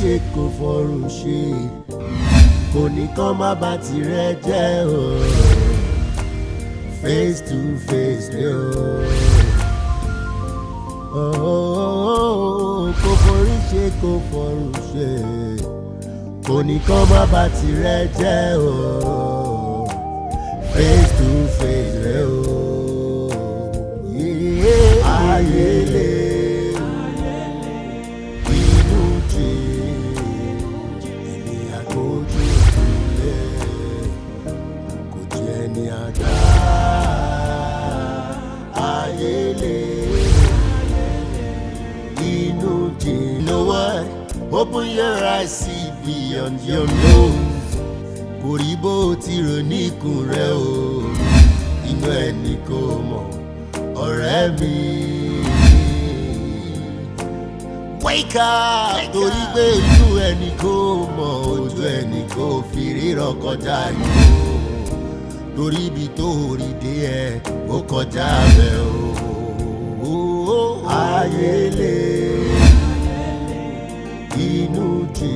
ṣe kò fọrùn ṣe kò ní kán má bà tirẹ̀ jẹ́ o face to face ni o oh, kò forí ṣe kò fọrùn ṣe kò ní kán má bà tirẹ̀ jẹ́ o face to face ni o ayé lè. open your eyes see beyond your nose kò rí bó ti rò rẹ o inú ẹni kò mọ ọ̀rẹ́ mi. wake up torí pé ojú ẹni kò mọ ojú ẹni kò fi ríran kọjá yìí o torí ibi tó rí dé ẹ ó kọjá bẹ́ẹ̀ o. ayé lè inú ti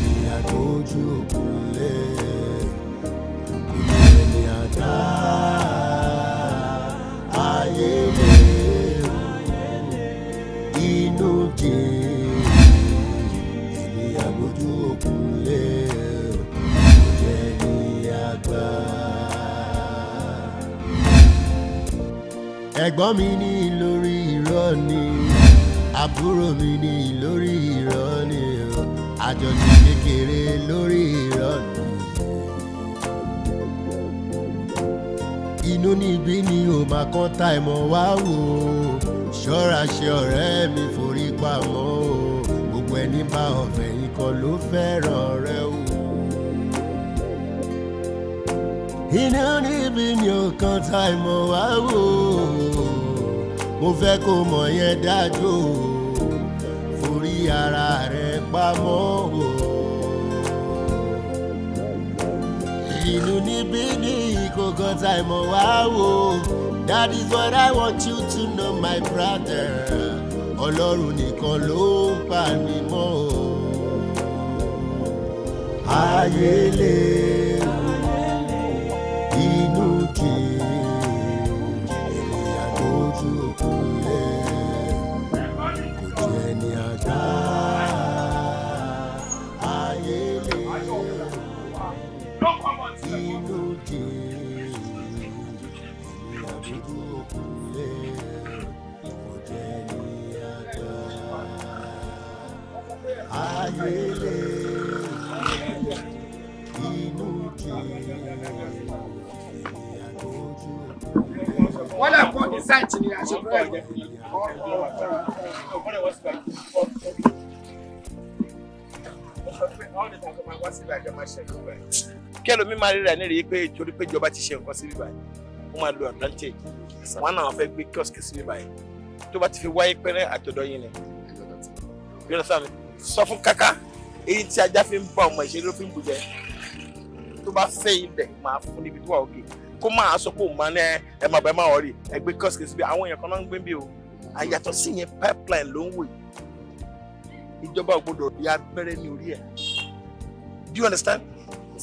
ní àtọ́jú òkúnlẹ̀ kò ní àdá ayé lè inú ti ní àtọ́jú òkúnlẹ̀ kò ní ẹ̀gbọ́n mi ní lórí irọ́ ni àbúrò mi ní lórí ìrọ̀lẹ́ o àjọjì kékeré lórí ìrọ̀lẹ́. inú níbí ni ò máa kán tá ìmọ̀ wá wò ó ṣọ́ra ṣe ọ̀rẹ́ mi forí pamọ́ o gbogbo ẹni bá ọ̀fẹ́ yìí kan ló fẹ́ràn rẹ o. inú níbí ni ò kán tá wá wò ó mo fẹ́ kó mọ̀ yẹn dájú o ara rẹ pamọ́ o. Ìlú níbí ní ìkókan tá ìmọ̀ wá wò. That is what I want you to know my brother. Ọlọ́run nìkan ló ń pa mí mọ́ o. Ayé lè. ayé lè inú kì í wọ́n lè kó ní sáìtì ní àṣepọ̀ ẹ̀jẹ̀ kí ẹlòmí máa rí rẹ̀ ní rèé pé torí pé ìjọba ti ṣe nǹkan síbí báyìí ó máa lo advantage wọn náà fẹ́ gbé kiosk síbí báyìí tó bá ti fi wáyé pẹ́rẹ́ àtọ̀dọ̀ yín ni yóò lọ sáà mi sọ fún kaka èyí tí ajá fi ń bá ọmọ ìṣeré ló fi ń bùjẹ tó bá fẹ́ ilẹ̀ máa fún níbi tó wà òkè kó máa sọ pé òun máa ẹ máa bẹ máa rí ẹgbẹ́ kọ́sìkì síbi àwọn èèyàn kan náà ń gbé bí o àyàtọ̀ sí yẹn pipeline ló ń wò ìjọba ò gbọdọ̀ abẹ́rẹ́ ní orí ẹ̀ do you understand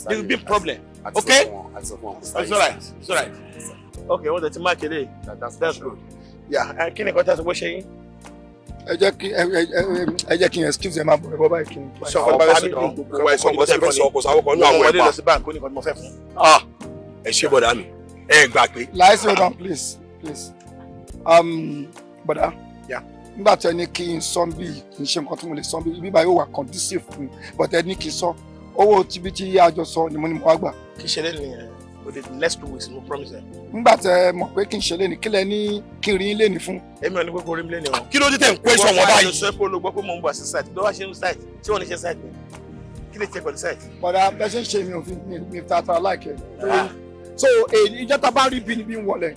there will be problem okay it's alright it's right. okay wọ́n tẹ̀ ti máa kéde that's good yeah kí ni kọ́tà sọ pé ṣe yín ẹ jẹ́ kí ẹ jẹ́ kí n excuse ẹ máa bọ̀ ẹ báyìí kí n. sọ fún bá sọ dán gbogbo ẹsọ gbogbo ẹsẹ fẹsọ kò sáwọ kan ní àwọn ẹgbà. ẹ ṣe bọ̀dá mi ẹ gbà pé. láìsí hold on please please um, bọ̀dá nígbà tí ẹ ní kí n sọ bí kì í ṣe nǹkan tí mo lè sọ bí bíbá yóò wà conducive fún mi but ẹ ní kí n sọ owó tibítí àjọsọ ni mo ní mo wá gbà. kí ṣe lẹ́nu yẹn for the next two weeks mo promise ẹ. ngbà tẹ mọ̀ pé kí ṣe léni kílẹ̀ ní kí n rí yín léni fún. èmi ò ní o. kí ló dé tẹ̀ ń pẹ́ sọ wọn báyìí. ìwọ sọ pé olùgbọ́ pé mo ń bọ̀ sí site lọ́wọ́ ṣe ń site ṣé wọ́n ní ṣe site ni kí lè ṣe pẹ̀lú site. bọ̀dà bẹ́ẹ̀ ṣe mi ò fi mi tata láìkẹ́ ah. so ìjọba rí bí ni bí ń wọlé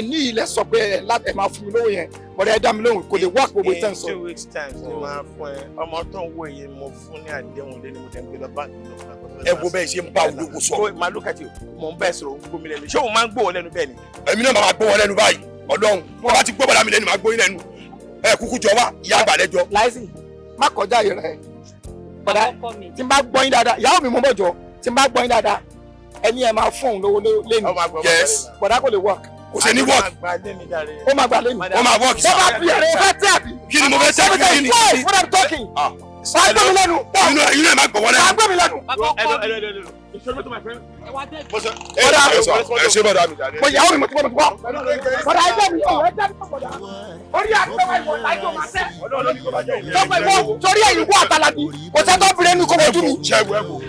ẹni ilẹ̀ sọ pé ẹ máa fún mi lówó yẹn bọ̀dẹ̀ ẹ dá mi lóhùn kò lè wá gbogbo ìtàn sọ. in two weeks time ni máa fún ẹ ọmọ tó ń wò yìí mo fún ní àdéhùn lé ní mo tẹ̀ ń gbé lọ báńkì lọ. ẹ wo bẹ́ẹ̀ ṣe ń bá ológun sọ. máa lókà tí mò ń bẹ́ẹ̀ sọ̀rọ̀ gómìnà mi ṣé o máa ń gbọ́ wọn lẹ́nu bẹ́ẹ̀ ni. èmi náà máa gbọ́ wọn lẹ́nu báyìí ọlọ́run wọn bá ti gbọ́ bọ́dá mi lẹ́nu máa gbóyún lẹ́nu ẹ kúkú jọ wá ìyá àgbà rẹ jọ. láìsí má kọjá yẹrẹ padà tí n bá gbọ́yìn dáadáa ìyàwó mi mọ́ mọ́jọ tí n bá gbọ́yìn dáadáa ẹni ẹ máa fún òun lówó lẹ́nu bọ̀dá kò lè work. kò ṣe ní work ó máa gbà lẹ́nu ó máa work sa. ó máa bí ẹ̀rọ ìfẹ́ tí àbí. kí ni mo fẹ́ sẹ́yìn kí ni. boy what i'm talking. wàá gbé mi lẹ́nu. inú ẹ̀ máa gbọ̀wọ́ lẹ́nu. wàá gbé mi lẹ́nu. ìṣòro tó máa fẹ́ bọ́dà ẹ bọ́dà mi. mo yà ó mi mo ti bọ́ mo bọ́. bọ́dà ẹ mi ọ̀ ẹ jẹ́ mi bọ́dà. orí àgbẹ̀wò ìwọ̀ lájọ máa tẹ́. lọ́pọ̀ ìwọ torí ẹ̀yìn kú àtàlàbí kò sẹ́ tó bìrẹ́ nu kó wojú mi.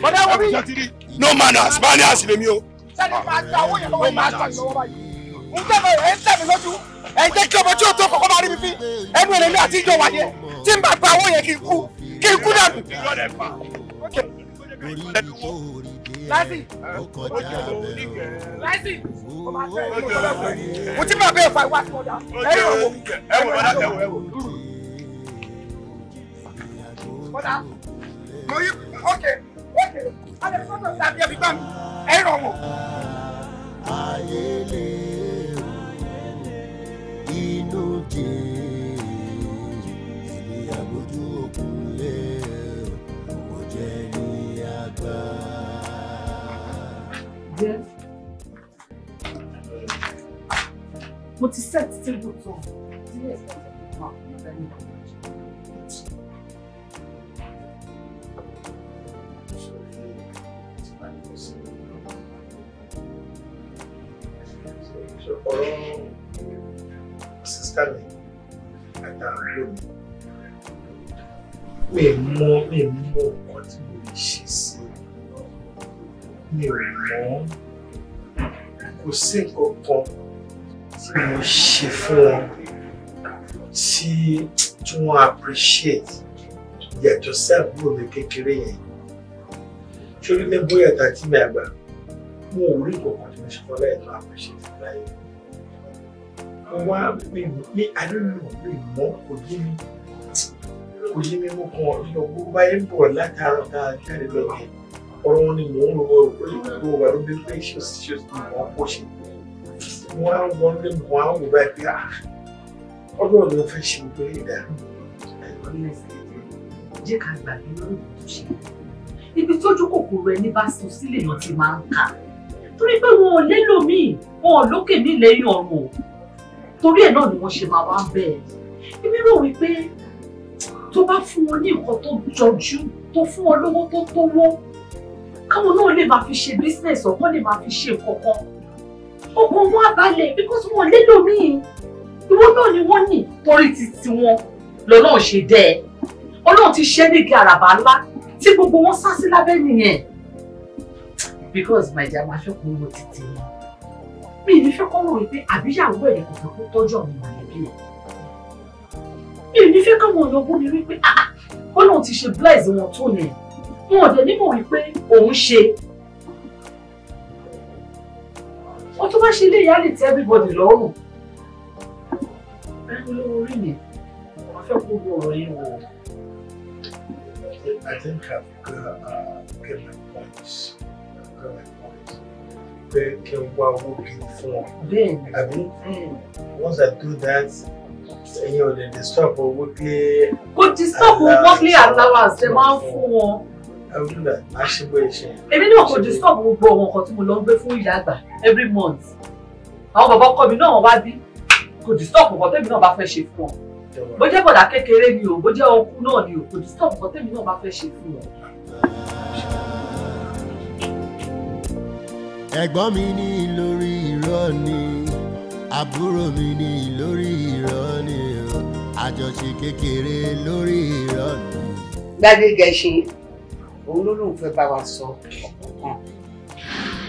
bọ́dà wo mi. no manners has lèmi o. sẹ́ni máa ta owó yẹn lọ́wọ́ máa ta ìlọ́wọ́ báyìí. ń tẹ̀lé ẹ̀ ń tẹ̀lé lójú kí ọmọ tí láti ọjọ́ láti mo ti máa bẹ́ẹ̀ fa ìwà àtìmọ́dá ẹ̀yìn òwò ẹ̀wò bọ́dá ẹ̀wò ẹ̀wò bọ́dá mo yí ókè ókè alẹ́ fọ́tò tàbí ẹbí bá mi ẹ̀yìn òwò. ayé lè inú jẹ́. mo ti set table tán díẹ̀ ìgbàgbọ́ nípa ọ̀nà ní ọ̀nà ọ̀rọ̀ sísítà mi àtàwọn lónìí mi mọ mi mọ nǹkan tí mo lè ṣe sí mi ò mọ kò sí nǹkan kan tí mo ṣe fún wọn tí tí wọ́n appreciate yàtọ̀ sí àbúrò mi kékeré yẹn sórí ní bóyá tàbí mi àgbà mo ò rí kankan tí mo ṣe fún ọ tó appreciate láyé wá mi mi àdúgbò mi mọ kò yé mi kò yé mi mo kàn lọ bó báyé ń bọ̀ látàárọ̀ tá lọ yẹn ọ̀rọ̀ wọn ni mò ń lọ wọ́n ò pé gbogbo wa pé ṣé o ṣe mọ̀ ọ́ pọ̀ ṣe wọn á wọlé wọn á wò ah, ọdún ọdún fẹ́ ṣe gbé ìdá. jẹ́ ká gbàgbé lórí ìlú ṣe ibi tójú kòkòrò ẹni bá sùn sílẹ̀ náà ti máa ń kà torí pé wọn ò lélò míì wọn ò lókè míì lẹ́yìn ọ̀run torí ẹ̀ náà ni wọ́n ṣe máa wá bẹ́ẹ̀ èmi rò wípé tó bá fún wọn ní nǹkan tó jọjú tó fún wọn lówó tó tówó káwọn náà lè máa fi ṣe bísínẹ̀sì ọ̀kan lè máa fi ṣe nǹkan kan ọkàn wọn abalẹ̀ because wọn lélo mi ìwọ náà ni wọ́n nì torí ti tiwọn lọ́nà ṣe dẹ́ ẹ ọlọ́run ti ṣe nígi àràbà ńlá tí gbogbo wọn sá sí lábẹ́ nìyẹn because my dear máa ṣọ́kùn owó títí mi mi ní fẹ́ kọ́ wọ́n wípé àbíyàwó ẹ̀ kò fẹ́ kó tọ́jú àwọn mọ̀lẹ́bí ẹ̀ mi ní fẹ́ káwọn èèyàn bú mi wípé ah, ah, ọlọ́run ti ṣe bless wọn tó yẹn wọn ò dẹ̀ nímọ̀ wípé òun ṣe wọ́n tún wá ṣe ilé ìyá lè tẹ́ everybody lọ́rùn. báyìí ló rí mi wọ́n fẹ́ kó lu ọ̀rọ̀ yìí wò. I think I've got, uh, get my points. I've got my points. Pé kí n wá owó kí n fún ọ. Bẹ́ẹ̀ni. Àbí once I do that, ẹ̀yin ò lè disturb owó pé. Kò disturb owó pé allowance ṣe máa ń fún wọn every month àwọn bàbá ọkọ mi náà wọn bá bí kò disturb nǹkan tèmi náà bá fẹ́ ṣe fún ọ bó jẹ́ bọ̀dà kékeré ni o bó jẹ́ ọkú náà ni o kò disturb nǹkan tèmi náà bá fẹ́ ṣe fún ọ. ẹ̀gbọ́n mi ní lórí irọ́ ni àbúrò mi ní lórí irọ́ ni àjọṣe kékeré lórí irọ́ ni. gbàgede gẹ̀ẹ́sì òun ló lóun fẹ́ bá wa sọ ọ̀kọ̀ọ̀kan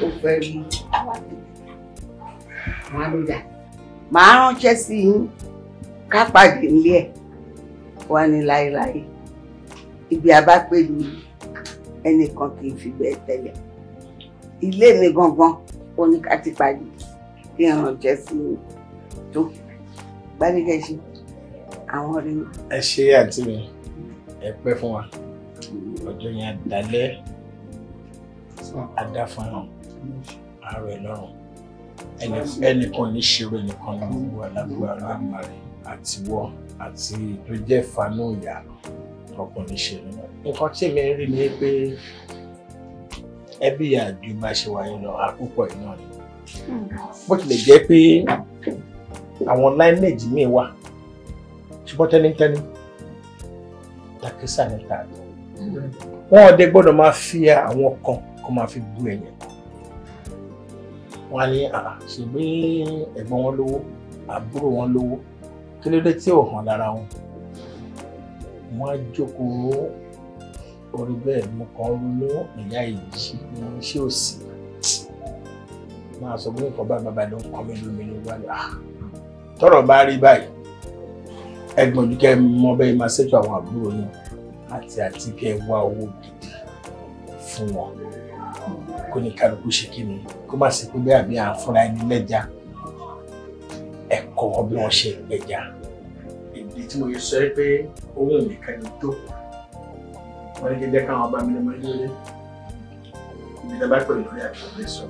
ó fẹ́ mú wọn ló dà màá ránṣẹ́ sí yín ká pàdé nílé ẹ̀ wá ní láéláé ibi abápẹ́lú ẹnìkan kì í fi bẹ́ẹ̀ tẹ̀lé ilé mi gangan ó ní ká ti pàdé kí n ránṣẹ́ sí yín tó gbárígẹ́sì àwọn ọ̀rẹ́ mi. ẹ ṣe àǹtí ẹ pẹ́ fún wa ọjọ́ yẹn àdálẹ́ adáfọ́nà àárọ̀ ẹ̀ lọ́rùn ẹnìkan ní ṣeré nìkan ní gbogbo alágbára àti wọ àti tó jẹ́ fanú ìyá ọkùnrin ṣeré náà. nǹkan tí mi rí ni pé ẹbí àjò bá ṣe wáyé lọ àkópọ̀ iná ni bó tilẹ̀ jẹ́ pé àwọn lineage míì wà ṣùgbọ́n tẹ́nitẹ́ni takisa níta ni wọn ọdẹ gbọ́dọ̀ máa fi àwọn kan kó máa fi bú ẹ̀yìn kan wọn á ní ṣègbè ẹ̀gbọ́n wọn lówó àbúrò wọn lówó kí ló dé tí ò hàn lára wọn wọn á jókòó orí bẹ́ẹ̀ mo kàn ronú ìyá ìjì ní iṣẹ́ òsì máa sọ pé nǹkan báyìí bàbá ló ń kọ́ mi lómi ló wà láà tọ́rọ̀ bá rí báyìí ẹ̀gbọ́n ojú kẹ mọ bẹ́ẹ̀ máa ṣètò àwọn àbúrò yẹn àti àti kẹ́ ẹ wá owó gidi fún wọn kó ní kálukú ṣe kí ni kó má sì pé bẹ́ẹ̀ bí àfúnra ẹni lẹ́jà ẹ̀kọ́ wọn bí wọ́n ṣe ń gbẹja. ìdí tí mo yẹ sọ pé owó nìkan ni tó wọ́n ní kí jẹ́ káwọn ọba mi ní mo nílé ibi tí a bá pè lórí àkọọ́lẹ̀ sọ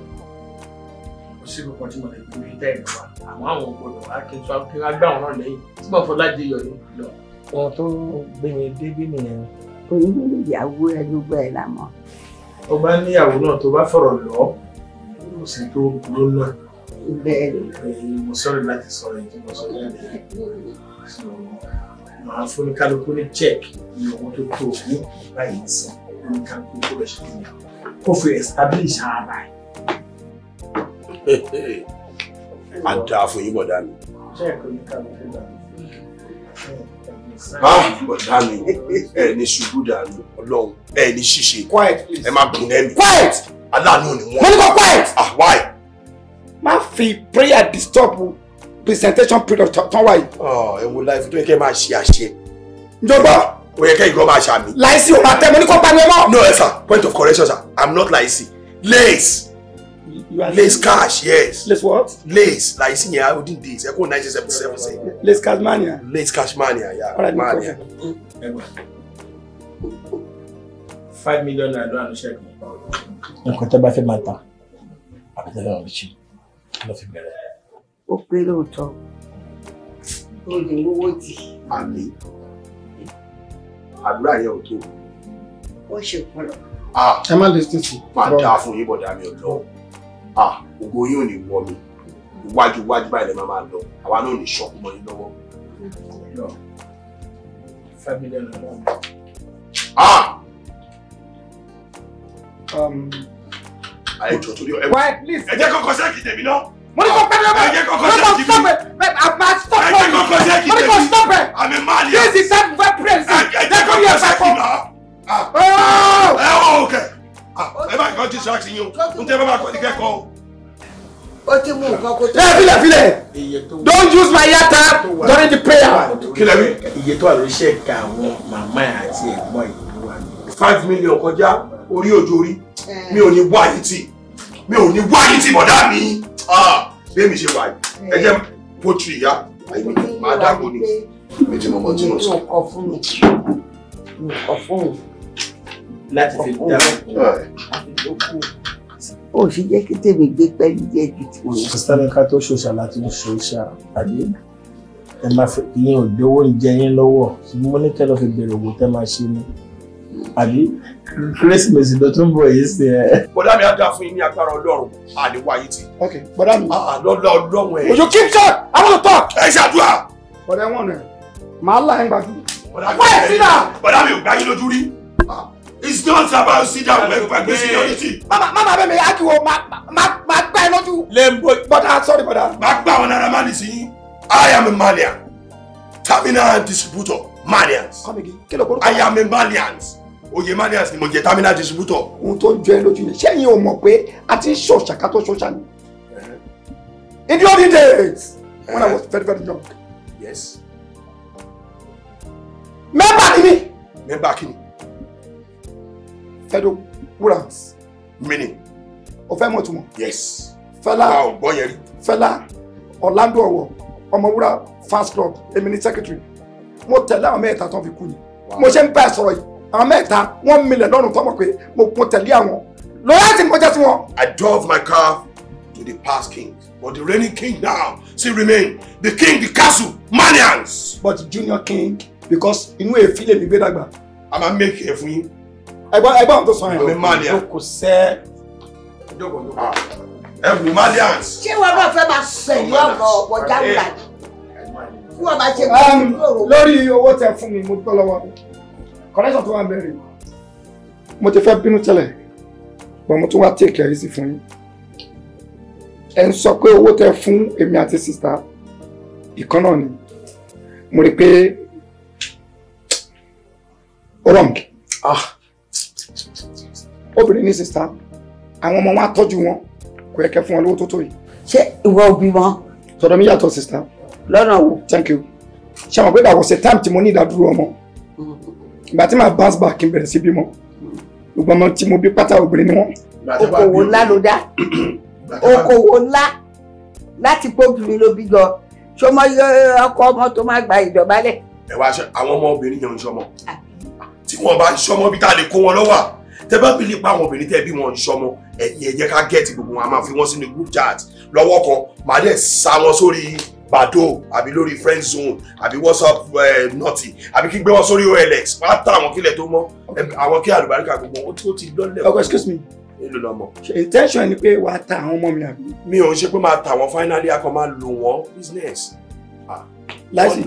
kò sí kankan tí mo lè gbé ní tẹ́ẹ̀mù wa àmọ́ àwọn ògbódò wa kí n sọ kí n gbà wọn náà lẹ́yìn tí mo fọlá di yọ̀ lọ wọn tó gbé mi débí nìyẹn. oyún ní ìyàwó ẹ ló gbọ́ ẹ lámọ́. tó bá níyàwó náà tó bá fọ̀rọ̀ lọ kò sí tó burú náà. bẹ́ẹ̀ ni. mo sọ̀rọ̀ láti sọ̀rọ̀ èyí tí mo sọ jáde màá fún ní kálukú ní check ní owó tó tó ní báyìí sí ní kálukú tó lè ṣe níyàwó kó fi establish ara ẹ̀. a dáa fún yín bọ̀dá check ní kálukú náà. Ah, bọ̀dá mi ẹ ní ṣubú dànù ọlọ́run ẹ ní ṣíṣe ẹ má gùn lẹ́nu aláàánú ni wọ́n. mo ní kó quiet. ah why. má fi prayer disturb presentation period tán wáyé. Ah, ẹ wo láìfi tó yẹ kẹ́ máa ṣe àṣẹ. njọba. o yẹ kẹ́ ìgbọ́ máa ṣàmì. láìsí òun àtẹ mo ní kó pa mi mọ́. no ẹ sà point of correction sà i'm not láìsí lace You are Lace Cash, yes. Lace what? Lace, like in your olden days. I call 1977. Lace Cash Mania. Lace Cash Mania, yeah. All right, Mania. Five million naira ló ṣe kàn. Nǹkan tó bá fẹ́ máa ta, àbí tó lọ́wọ́ ṣe ló fi bẹ̀rẹ̀. Ó pé lóòótọ́, ó lè rówó tì. Àmì. Àdúrà yẹn ò tó. Ó ṣe pọ̀lọ̀. Ah. Ẹ má lè tètè. Máa dáa fún yín bọ̀dá mi ọ̀dọ́ ògo yín ò ní wọ mi iwájú iwájú báyìí lè má máa lọ àwa náà ò ní ṣọ̀kú mọ́ yín lọ́wọ́. ayé um, jọ torí ẹ ẹ jẹ́ kọ́kọ́ sẹ́ẹ̀kì tèmi náà. mo ní kò pẹ́ lọ́wọ́ ẹ jẹ́ kọ́kọ́ sẹ́ẹ̀kì tèmi. àmà stop ẹ jẹ́ kọ́kọ́ sẹ́ẹ̀kì tèmi. mo ní kò stop ẹ. àmì máa ní. this is that vibrance. ẹ jẹ́ kọ́kọ́ sẹ́ẹ̀kì náà. Oh! ẹ ọ̀ okay. Ah, ẹ bá kọ́ jíṣẹ́ àti yín o n tẹ́ bá bá kọ́ ní kẹ́kọ̀ọ́ o. ó ti mú nǹkan kó tó. ẹ filẹ filẹ don't use my yata during the prayer. kílẹ̀ mi. iye tó wà lórí iṣẹ́ ìka àwọn màmá àti ẹ̀gbọ́n ìlú wa. five million kọjá orí òjò orí eh. mi ò ní wáyé tì mi ò ní wáyé tì bọ̀dá mi ah, bẹ́ẹ̀ mi ṣe wáyé ẹ jẹ́ pọ́tù ìyá àìní màá dàgbò ni méjì mọ́mọ́ tí mo sọ. mi ò kọ fún mi mi ò kọ fún mi láti fi dá ó ṣe jẹ́ kí tèmi gbé pẹ́ẹ́lí jẹ́ ju ti wọn. sísáré ká tó ṣòṣà láti ṣòṣà àbí ẹ máa fi ìyẹn ò gbé owó ìjẹ yín lọ́wọ́ mo ní kẹ́ lọ́ọ́ fi bèrè òwò tẹ́ máa ṣe ni àbí kérésìmesì ló tún bọ̀ yìí sí ẹ. bọ́dá mi á dá fún yín ní agbára ọlọ́run àníwá yìí ti. ok bọ́dá mi. lọ́dọ̀ ọlọ́run ẹ̀. ojú keep short i want to talk. ẹ ṣàdúrà. bọ́dá wọn rẹ̀ màá là ń gbàdúrà. bọ́dá mi ò gbá yín lójú rí it's not about sit down pẹ̀lú pẹ̀lú security. mama mama bẹ́ẹ̀ mi akiwo ma ma ma gbá ẹ you? lembo But I'm uh, sorry for that. Uh. gbá àwọn náírà máa man sí yín i am a malian terminal distributor malians. come again i am a malians oyè malians ni mo jẹ terminal distributor. ohun tó ń jọ ẹ lójú ni sẹ́yìn o mọ̀ pé a ti ń ṣọ̀ṣà ká tó ṣọ̀ṣà in the old days when i was very very young. yes. mẹ́bà ni mi. mẹ́bà kí fedorant meaning o fẹ́ mọ̀ túmọ̀. yes fẹ́lá ọ̀gbọ́ yẹn rí. fẹ́lá ọ̀làndó ọ̀wọ̀ ọmọwúrà fans club èmi ní secretary mo tẹ̀lé àwọn mẹ́ta tán fi kú ni mo ṣe ń bá ẹ sọ̀rọ̀ yìí àwọn mẹ́ta wọ́n milẹ̀ lọ́rùn tọ́mọ̀ pé mo tẹ̀lé àwọn lọ́yà mo jẹ́ sí wọn. I drove my car to the past king but the reigning king now still remain the king the castle manians. but junior king because inú èéfín lèmi gbé dàgbà. a máa ń mẹ́kì ẹ̀ fún yín ẹgbọ́n ẹgbọ́n tó sọ yẹn. mi máa lè. kò sẹ́. ẹ mi máa lè àt. ṣé wọn náà fẹ́ máa sẹ̀yìn ọ̀rọ̀ ọ̀pọ̀ eh. jáwìlá yìí kí wọn máa ṣe bí ọ̀rọ̀. lórí owó tẹ fún mi mo tọ́ lọ́wọ́ kọ́lẹ́sọ̀ tó wà mẹ́rin mo ti fẹ́ bínú tẹ́lẹ̀ bọ́n mo tún wá tèkì ẹ̀rí sí fún yín ẹ ń sọ pé owó tẹ fún èmi àti sista ìkan ni mo rí pé ó rọ̀ ah obìnrin ní sista àwọn ọmọ wọn á tọ́jú wọn kò yẹ kẹ́ fún wọn lówó tó tó yìí. ṣé ìwọ òbí wọn. tọ̀dọ̀ mi yàtọ̀ sista. lọ́nà wo. thank you ṣe àwọn pé bàbá ṣe time tí mo ní ìdádúró ọmọ mm. ìgbà tí màá bounce back kí n bẹ̀rẹ̀ sí bímọ gbogbo ọmọ tí mo bí pátá obìnrin ni wọn. okòwò ńlá ló dá okòwò ńlá láti póbìnrin ló bí gan ṣọmọ ọkọ ọmọ tó máa gba ìdọ̀bálẹ̀. ẹ wá ṣe àwọn ọmọ obìnrin yẹn ń ṣọmọ tí wọn bá ṣọmọ bí tá a lè kó wọn lọ́wọ́ tẹ bá bìlí pa àwọn obìnrin tẹ bí wọn ìṣọmọ ẹ̀yin ẹ ká gẹẹtì gbogbo wọn a máa fi wọn sínú group chat lọ́wọ́ kan màá dẹ sá wọn sórí bàdó àbí lórí friend zone àbí whatsapp nọtì àbí kí gbé wọn sórí olx wàá tà àwọn kílẹ̀ tó mọ́ àwọn kí àlùbáríkà gbogbo ó ti lọ́lẹ̀. ọkọ excuse me èlò lọmọ. intention ni pé wàá ta àwọn ọmọ mi àbí. mi ò ń ṣe pé máa ta wọn finally a máa lò wọn business. láìsí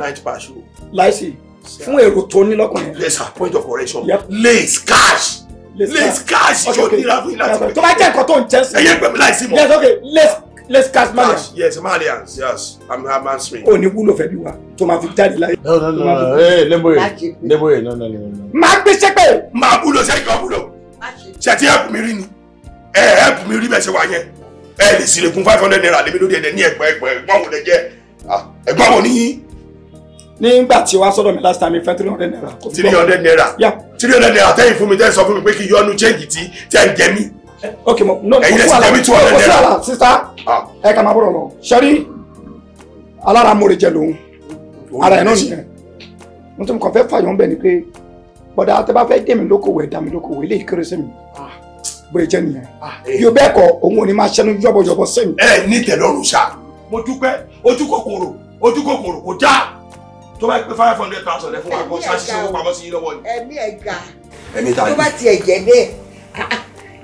láìsí fún èrò tó ní lọ́kàn yes sir point of correction. Yep. lace cash lace cash yóò nira fún iná tó bá jẹ́ nǹkan tó ń jẹ́ sí. ẹyẹ pẹ̀lú láìsí mọ́. yes okay lace lace cash maria. cash yes maria yes i'm i'm answering. o ní wúlò fẹ́ bí wa tó máa fi jáde láyé. no no no ee leboye leboye no no no. máa gbé sẹ́pẹ̀. máa wúlò sẹ́yìn kan wúlò ṣètì ẹ̀pù mi rí ni ẹ̀pù mi rí bẹ́ẹ̀ ṣe wà yẹn ẹ̀ lè sílẹ̀kùn five hundred naira lèmi lóde ẹ̀ ní ẹ̀gbọ́n ẹ̀gbọ́n wò lẹ jẹ́ ah, ẹ̀gbọ́n wò níyìn nígbà tí wàá sọ̀rọ̀ mi last time fẹ́ three hundred naira. three hundred naira three hundred naira tẹ́yìn fún mi tẹ́yìn sọ fún mi pé kí yọnu change tí tí ẹ̀ ń jẹ mí. ok mo no mo fún àlà mo fún àlà sista ẹ kà máa bọ̀rọ̀ lọ sẹ́rí alára mòrè jẹ lòun ara ẹ̀ náà nìyẹn mo tún kàn fẹ́ fàyọ̀ ń bẹ̀ ni pé bọ̀dà tẹ́ bá fẹ́ dé mi lókòwò ẹ̀ dá mi lókòwò eléyìí kéré sí mi ah. bóyá jẹ́ nìyẹn yóò ah. bẹ́ẹ̀ kọ́ òun ò ní máa ṣẹ́nu yọ̀bọ̀yọ̀bọ̀ sẹ́yìn. ẹ ní tẹ̀lọ́rùn ṣá mo dúpẹ́ ojú kòkòrò ojú kòkòrò kò já tó bá pé five hundred thousand ẹ fún wa kó ṣàṣìṣe owó pamọ́ sí yín lọ́wọ́ ni. ẹ̀mí ẹ̀ ga ẹ̀mí ta ni. tó bá tiẹ̀ jẹ́ bẹ́ẹ̀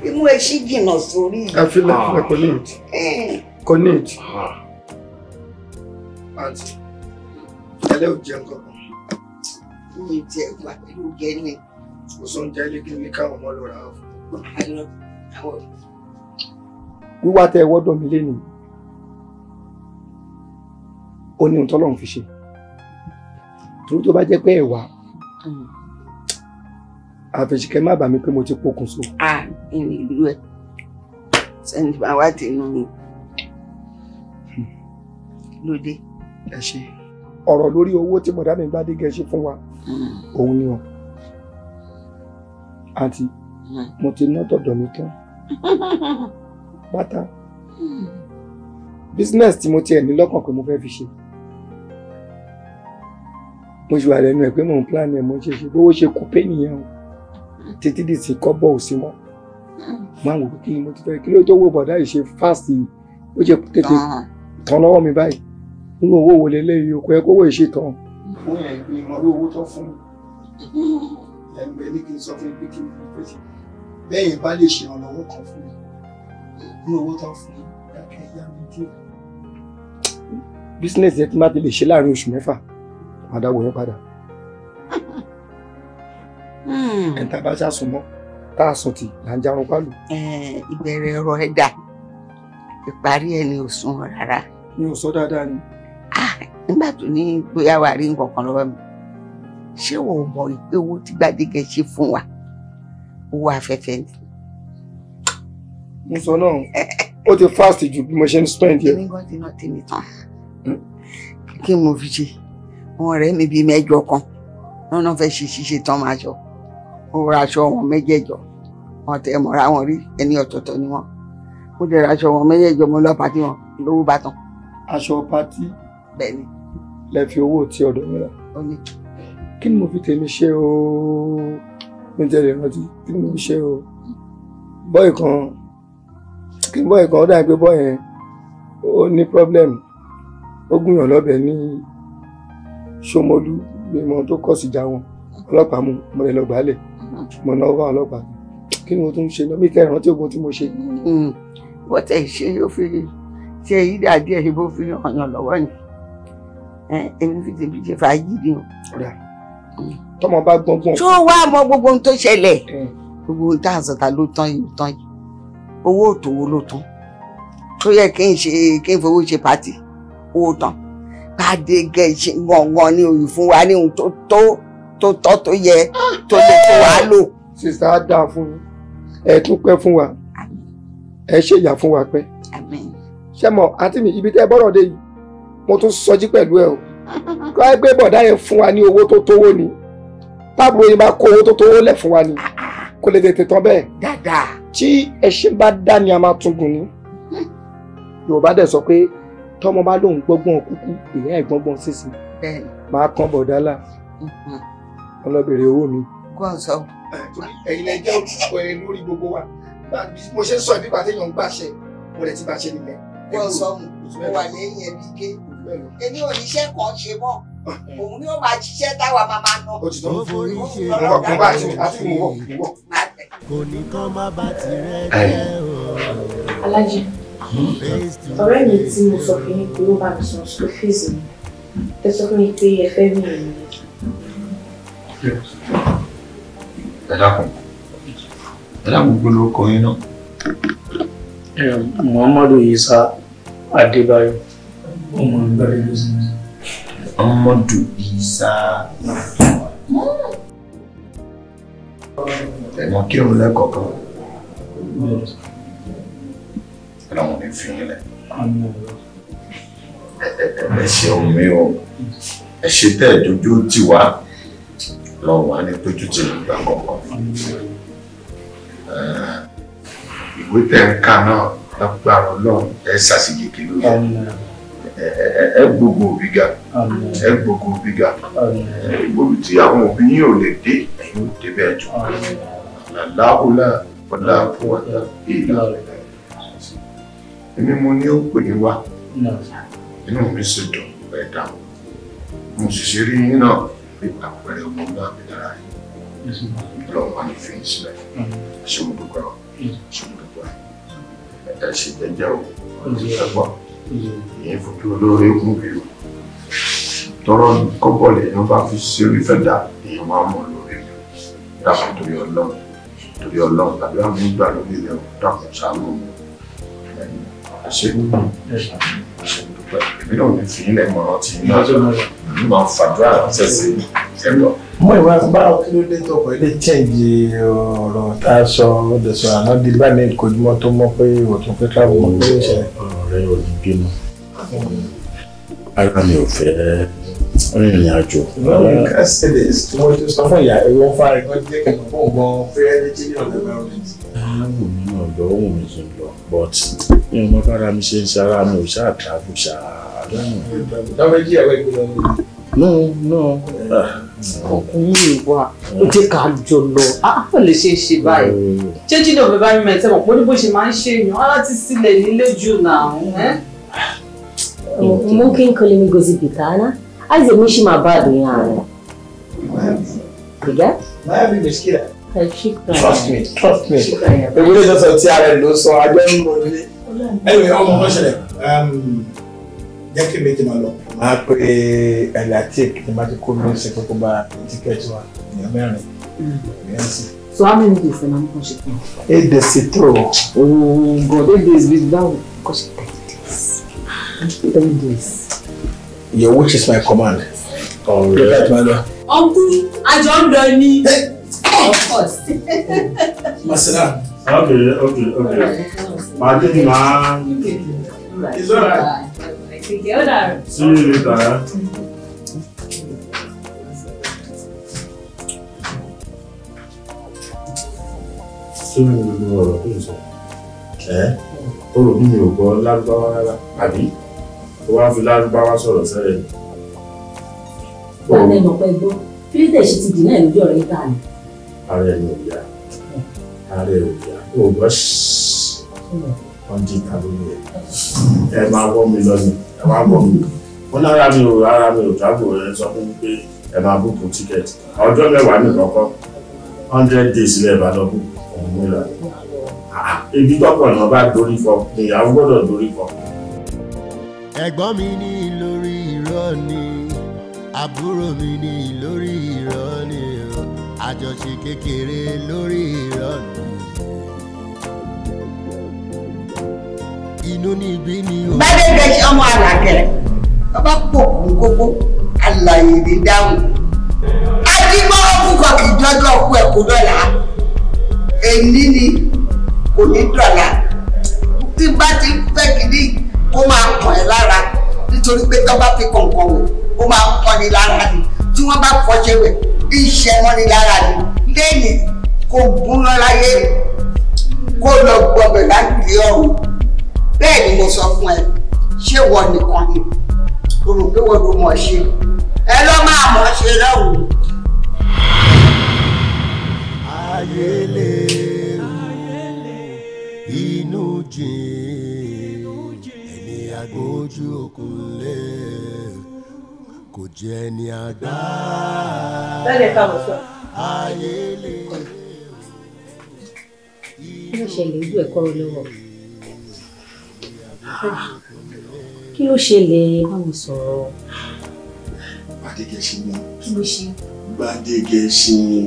imú ẹ jìnnà sórí. ẹ fi lẹ́fílẹ̀ kò ní ìdí kò ní ìdí. àǹtí ẹlẹ́ ò jẹun mi ì tiẹ̀ gbà pẹ̀lú gẹ́ni. kò sóúnjẹ ilé kí n lè káwọn ọmọ lọ ra ọ wíwá tẹ ẹ wọ́dọ̀ mi lé nìyí ní ohun tọ́lọ́run fi ṣe torí tó bá jẹ́ pé ẹ̀wà mm. àfẹ̀sìkẹ́ má bà mí pé mo ti pokùn so. a ìrìn ìlú ẹ sẹni máa wá tẹnu mi hmm. lóde. ẹ ṣe ọ̀rọ̀ lórí owó tí mọ̀dá mi bá dé gẹ̀ẹ́sì fún wa mm. òun ni o àǹtí mm. mo ti ná tọ̀dọ̀ mi tán pátá business tí mo tiẹ̀ ní lọ́kàn pé mo fẹ́ fi ṣe mo ṣe wà lẹ́nu ẹ̀ pé mò ń plan ẹ̀ mo ṣe ṣe bówó ṣe kú pé nìyẹn o títí dì sí kọ́bọ̀ ò sí mọ́ máa wò kí ni mo ti fẹ́ kí ló tó wò bọ̀dá yìí ṣe fast yìí ó ṣe tètè tán lọ́wọ́ mi báyìí nínú owó wo lélẹ́ yìí o kò yẹ kówó ìṣe tán. ó yẹ kí n mọ bí owó tó fún mi ẹgbẹ́ ní kí n sọ fún mi pé kí n fi pèsè bẹ́ẹ̀ bá lè ṣe ìrànlọ́wọ́ kan fún mi nínú owó tó fún mi dákẹ́ yá mi díẹ̀. bísínẹ́sì yẹn ti má ti lè ṣe láàrin oṣù mẹ́fà àdáwò yẹn padà. ẹ̀ ń tá a mọ́ tá a sùn tì là ń jarun pálù. ìbẹ̀rẹ̀ ọ̀rọ̀ ẹ̀ dà ìparí ẹ̀ ni ò sùn rárá. mi ò sọ dáadáa ni. nígbà tó ní bóyá wàá rí nǹkan lọ́wọ́ mi ṣé o mọ̀ pé owó tí Gbádégẹ ṣe fún wa owó afẹ́fẹ́ ni. mo sọ náà ó ti fast ju bí mo ṣe ń spend yẹn. nígbà tí wọ́n kí n mo fi ṣe àwọn ọ̀rẹ́ mi bíi mẹ́jọ kan wọn náà fẹ́ẹ́ ṣiṣẹ tán máa ṣọ mo ra aṣọ wọn mẹ́jẹ̀jọ wọn tẹ mọra wọn rí ẹni ọ̀tọ̀ọ̀tọ̀ ni wọn mo dẹ̀ ra aṣọ wọn mẹ́jẹ̀jọ mo lọ pàtí wọn lówó bá tán. aṣọ pàtí. bẹ́ẹ̀ni. lẹ fi owó tí ọ̀dọ̀ mi rà. ó ní. kí ni mo fi tèmi ṣe o mi jẹ lè rántí kí ni mo fi ṣe o bọ́ọ̀ì kan kí ni bọ́ọ̀ì kan ó dàbí pé yẹn ó ní pírọ́blẹ́mù ó gùn yàn lọ́bẹ̀ ní. Ṣọmọlú mímọ tó kọ̀ síjà wọn ọlọ́pàá mú mo lè lọ gbàálẹ̀ mo náwó bá kí ni mo tún ṣe náà mi kẹ́ ogun tí mo ṣe. Hmm. wọ́n tẹ̀ ṣe yóò fi ṣe èyí dàdí ẹ̀ bó fi ọ̀yàn lọ́wọ́ ni èmi fi tèmi ṣe fàájì ni tọmọ bá gbọ́ngbọ́n. tó wá mọ gbogbo ohun tó ṣẹlẹ̀ gbogbo ohun tá à ń sọ̀tà ló tán yìí tán yìí owó òtòwó ló tán tó yẹ kí n ṣe kí n fowó ṣe pàtì owó tán. Gbadege gangan ni òyìn fún wa ní ohun tó tó tó tọ́ tó yẹ tó lè tó wàá lò. sísá á dáa fún yín ẹ tún pẹ́ fún wa ẹ ṣèyà fún wa pẹ́ ṣé mọ àti mi ibi tẹ́ bọ́rọ̀ dé yìí mo tún sọjí pẹ̀lú ẹ o kí wọ́n gbé bọ̀dá yẹn fún wa ní owó tó tówó ni táàbùrò yìí máa kó owó tó tówó lẹ̀ fún wa ni ah, ah. kò lè tètè tán bẹ́ẹ̀. dáadáa. tí ẹṣin bá dá ni a máa tún gùn ni hmm. yorùbá dẹ̀ sọ pé tọmọ bá lóun gbọ́gbọ́n kúkú ìyá ẹ̀ gbọ́gbọ́n sísì máa kán bọ̀dálà wọn lọ bèrè owó mi. gbọ́nsọ. ẹ̀yin lẹ jẹ́ òṣùpọ̀ ẹ lórí gbogbo wa mo ṣe ń sọ nípa téèyàn ń gbàṣẹ mo lè ti bàṣẹ nìyẹn. gbọ́nsọ mo wà lẹ́yìn ẹbí ké èmi ò níṣẹ́ kan ṣe mọ́ ah, eh. òun ni ó máa ṣiṣẹ́ táwa máa máa ná. òtítọ́ mo fi ọ̀rọ̀ kan bá àti mo wọ̀ mo wọ̀. kò ní kán má bá tirẹ̀ jẹ́ o. alájí ọ̀rẹ́ mi tí mo sọ fún yín pé ó bá mi san school fees mi ẹ sọ fún mi pé ẹ fẹ́ mi ìrìn ẹ dákun ẹ dákun gbólóhùn kọ yín náà. Muhammadu Isa Adébáyọ̀ ọmọ ìgbàlẹ̀ business. Muhammadu Isa. ẹ̀mọ́ kí òun lẹ́kọ̀ọ́ kan ọlọ́run ní fi yín lẹ̀. ẹ ṣeun mi o ẹ ṣe tẹ́ ẹ dojú tì wá lọ́wọ́ wá ní tójú tì ní ìgbà kọ̀ọ̀kan. ìwé tẹ̀ ń kà náà lágbára ọlọ́run ẹ ṣàṣìyèké lórí ẹ gbogbo òbí ga ẹ gbogbo òbí ga ìgbòho tí àwọn òbí yín ò lè dé ẹ̀yin ò débẹ̀ jù. làlá ọ̀la ọ̀la ọ̀la ìlà rẹ̀ èmi mo ní ó pè é wá inú mi sì dùn ẹ dáhùn mo sì ṣe rí yín náà pé àpẹẹrẹ ọmọ náà mi dára yìí lọ́wọ́ wá ní fi yín sílẹ̀ mm. ṣé mo dúpẹ́ ọ ṣé mo dúpẹ́ ẹ ṣe jẹ́jẹ́ o ẹ gbọ́ ìyẹn fojú olóore mú mi o tọrọ kọ́bọ̀ lèèyàn bá fi ṣe orí fẹ́ dà èèyàn máa mọ̀ lórí mi dákun torí Ọlọ́run torí Ọlọ́run tàbí àwọn ìgbà lórí rẹ dákun ṣàánú mi èmi náà ní fi ilẹ̀ mọ̀ràn tí iná ní máa fàdúrà ránṣẹ́ sí ẹ̀rọ. mo ìwà bá kílódé tó kọ ilé chẹ́ǹjì ọ̀rọ̀ tá a sọ ọ̀dẹ̀sọ̀ àná di bá ní ìkojúmọ́ tó mọ́ pé òtún pé ká mọ̀ pé ó ṣẹlẹ̀. ọ̀rẹ́ ò ní bínú ara mi ò fẹ́ rìnrìn àjò. lọ́wọ́ nǹkan ṣẹlẹ̀ tí wọ́n ti sọ fún ìyá ẹ̀rọ fún àríkọ́jẹ́ kí n fún gan fẹ́rẹ́ ní jíjìn ọ̀dọ̀ environment wù mí náà lọ wù mí kí n lọ but mi ò mọ bára mi ṣe ń ṣara mi ò ṣáà travel ṣáà lọ́nà. táwọn ẹjí ẹ̀rọ ìgbìmọ̀ mi. no no ọkùnrin wa ó jẹ́ ká jọ lọ àpò lè ṣe é ṣe báyìí ṣé jíde òbí bá mi mẹ́tẹ́ mọ̀ pé bó ṣe máa ń ṣe èèyàn láti sílẹ̀ nílé jù náà. mungkin kalau mi gozi bitana aze mishi mabado yana. Kuja? Maya bi mishkila trust me trust me ìwúlẹ̀ ìjọsọ tí ara ẹ̀ ló sọ ajọ́ ń bọ̀ nílé ẹ̀rù yẹn ọmọ kan ṣẹlẹ̀ um, jẹ́ kí méjì máa lọ. máa pe elatic ní bá ti kó ló ṣe kókó bá tíkẹ́ẹ̀tì wa èèyàn mẹ́rin mm. so how many days ẹ̀ máa ń kàn ṣe tán. eight days ti tó. ooo god eight days bíi báwo kàn ṣe ten days ten days. your wish is my command. ọ̀rẹ́ ọ̀gbìn àjọ ń lọ ní bẹ́ẹ̀. of course. masina. ok ok ok màá dé màá. it's alright. see you later. Eh? sórí gbogbo ọ̀rọ̀ tó ń sọ ẹ́ ó rò bí mi ò gbọ́ lárúbáwá rárá àbí ó wá fi lárúbáwá sọ̀rọ̀ sẹ́rẹ̀. bá a lẹ́nu ọ̀pẹ gbọ́ fílítẹ̀ ṣe ti dì náà lójú ọ̀rẹ́ ìta ni ara ẹni ò yá ara ẹ ò yá òògùn ṣì wọ́n jí ìta lórí ẹ̀ ẹ máa wọ́ mi lọ ni ẹ máa wọ́ mi wọ́n lára mi ò ara mi ò dáàbò ẹ sọ fún mi pé ẹ máa búkú tíkẹ́ẹ̀tì ọjọ́ mẹ́wàá ní kọ́kọ́ hundred days lẹ́ẹ̀ bá lọ búkú ọ̀hún mi là ibi tọ́pọ̀ náà bá dorí fọ ìyàwó gbọ́dọ̀ dorí fọ. ẹ̀gbọ́n mi ní lórí irọ́ ni àbúrò mi ní lórí irọ́ àjọṣe kékeré lórí ìrọ̀lù. inú níbí ni o. bàdégbèjì ọmọ àlàkẹ́ bàbá pò kún kókó àlàyé ní dáhùn. ajígbọ́ ọkùnkọ̀ kì í jọjọ́ ọkú kó dọ̀là. èyí ni kò ní dọ̀là. tí bá ti fẹ́ kìíní kó máa kàn ẹ́ lára nítorí pé tó bá fi kọ̀ǹkọ̀ wò ó máa kọ́ni lára ni tí wọ́n bá fọ́ ṣe wẹ̀ ìṣẹ̀mọ́ni lára ni lẹ́yìn kò gúnná láyé kó lọ gbọbẹ̀ láti ọ̀run bẹ́ẹ̀ ni mo sọ fún ẹ ṣé wọ nìkan ni o rò pé wọ́n ló mọ̀ ṣe ẹ lọ́ máa mọ̀ ṣe lọ́hùn. ayele inú jìn ẹni àgbójú òkun lé jẹ́ ní àgbà. lálẹ́ káwọ̀ sọ. ayé lè kí ló ṣẹlẹ̀ ojú ẹ̀kọ́ olówó ah, kí ló ṣẹlẹ̀ bá mi sọ̀rọ̀. gbàdégẹ ṣe ni kí ló ṣe. gbàdégẹ ṣe ni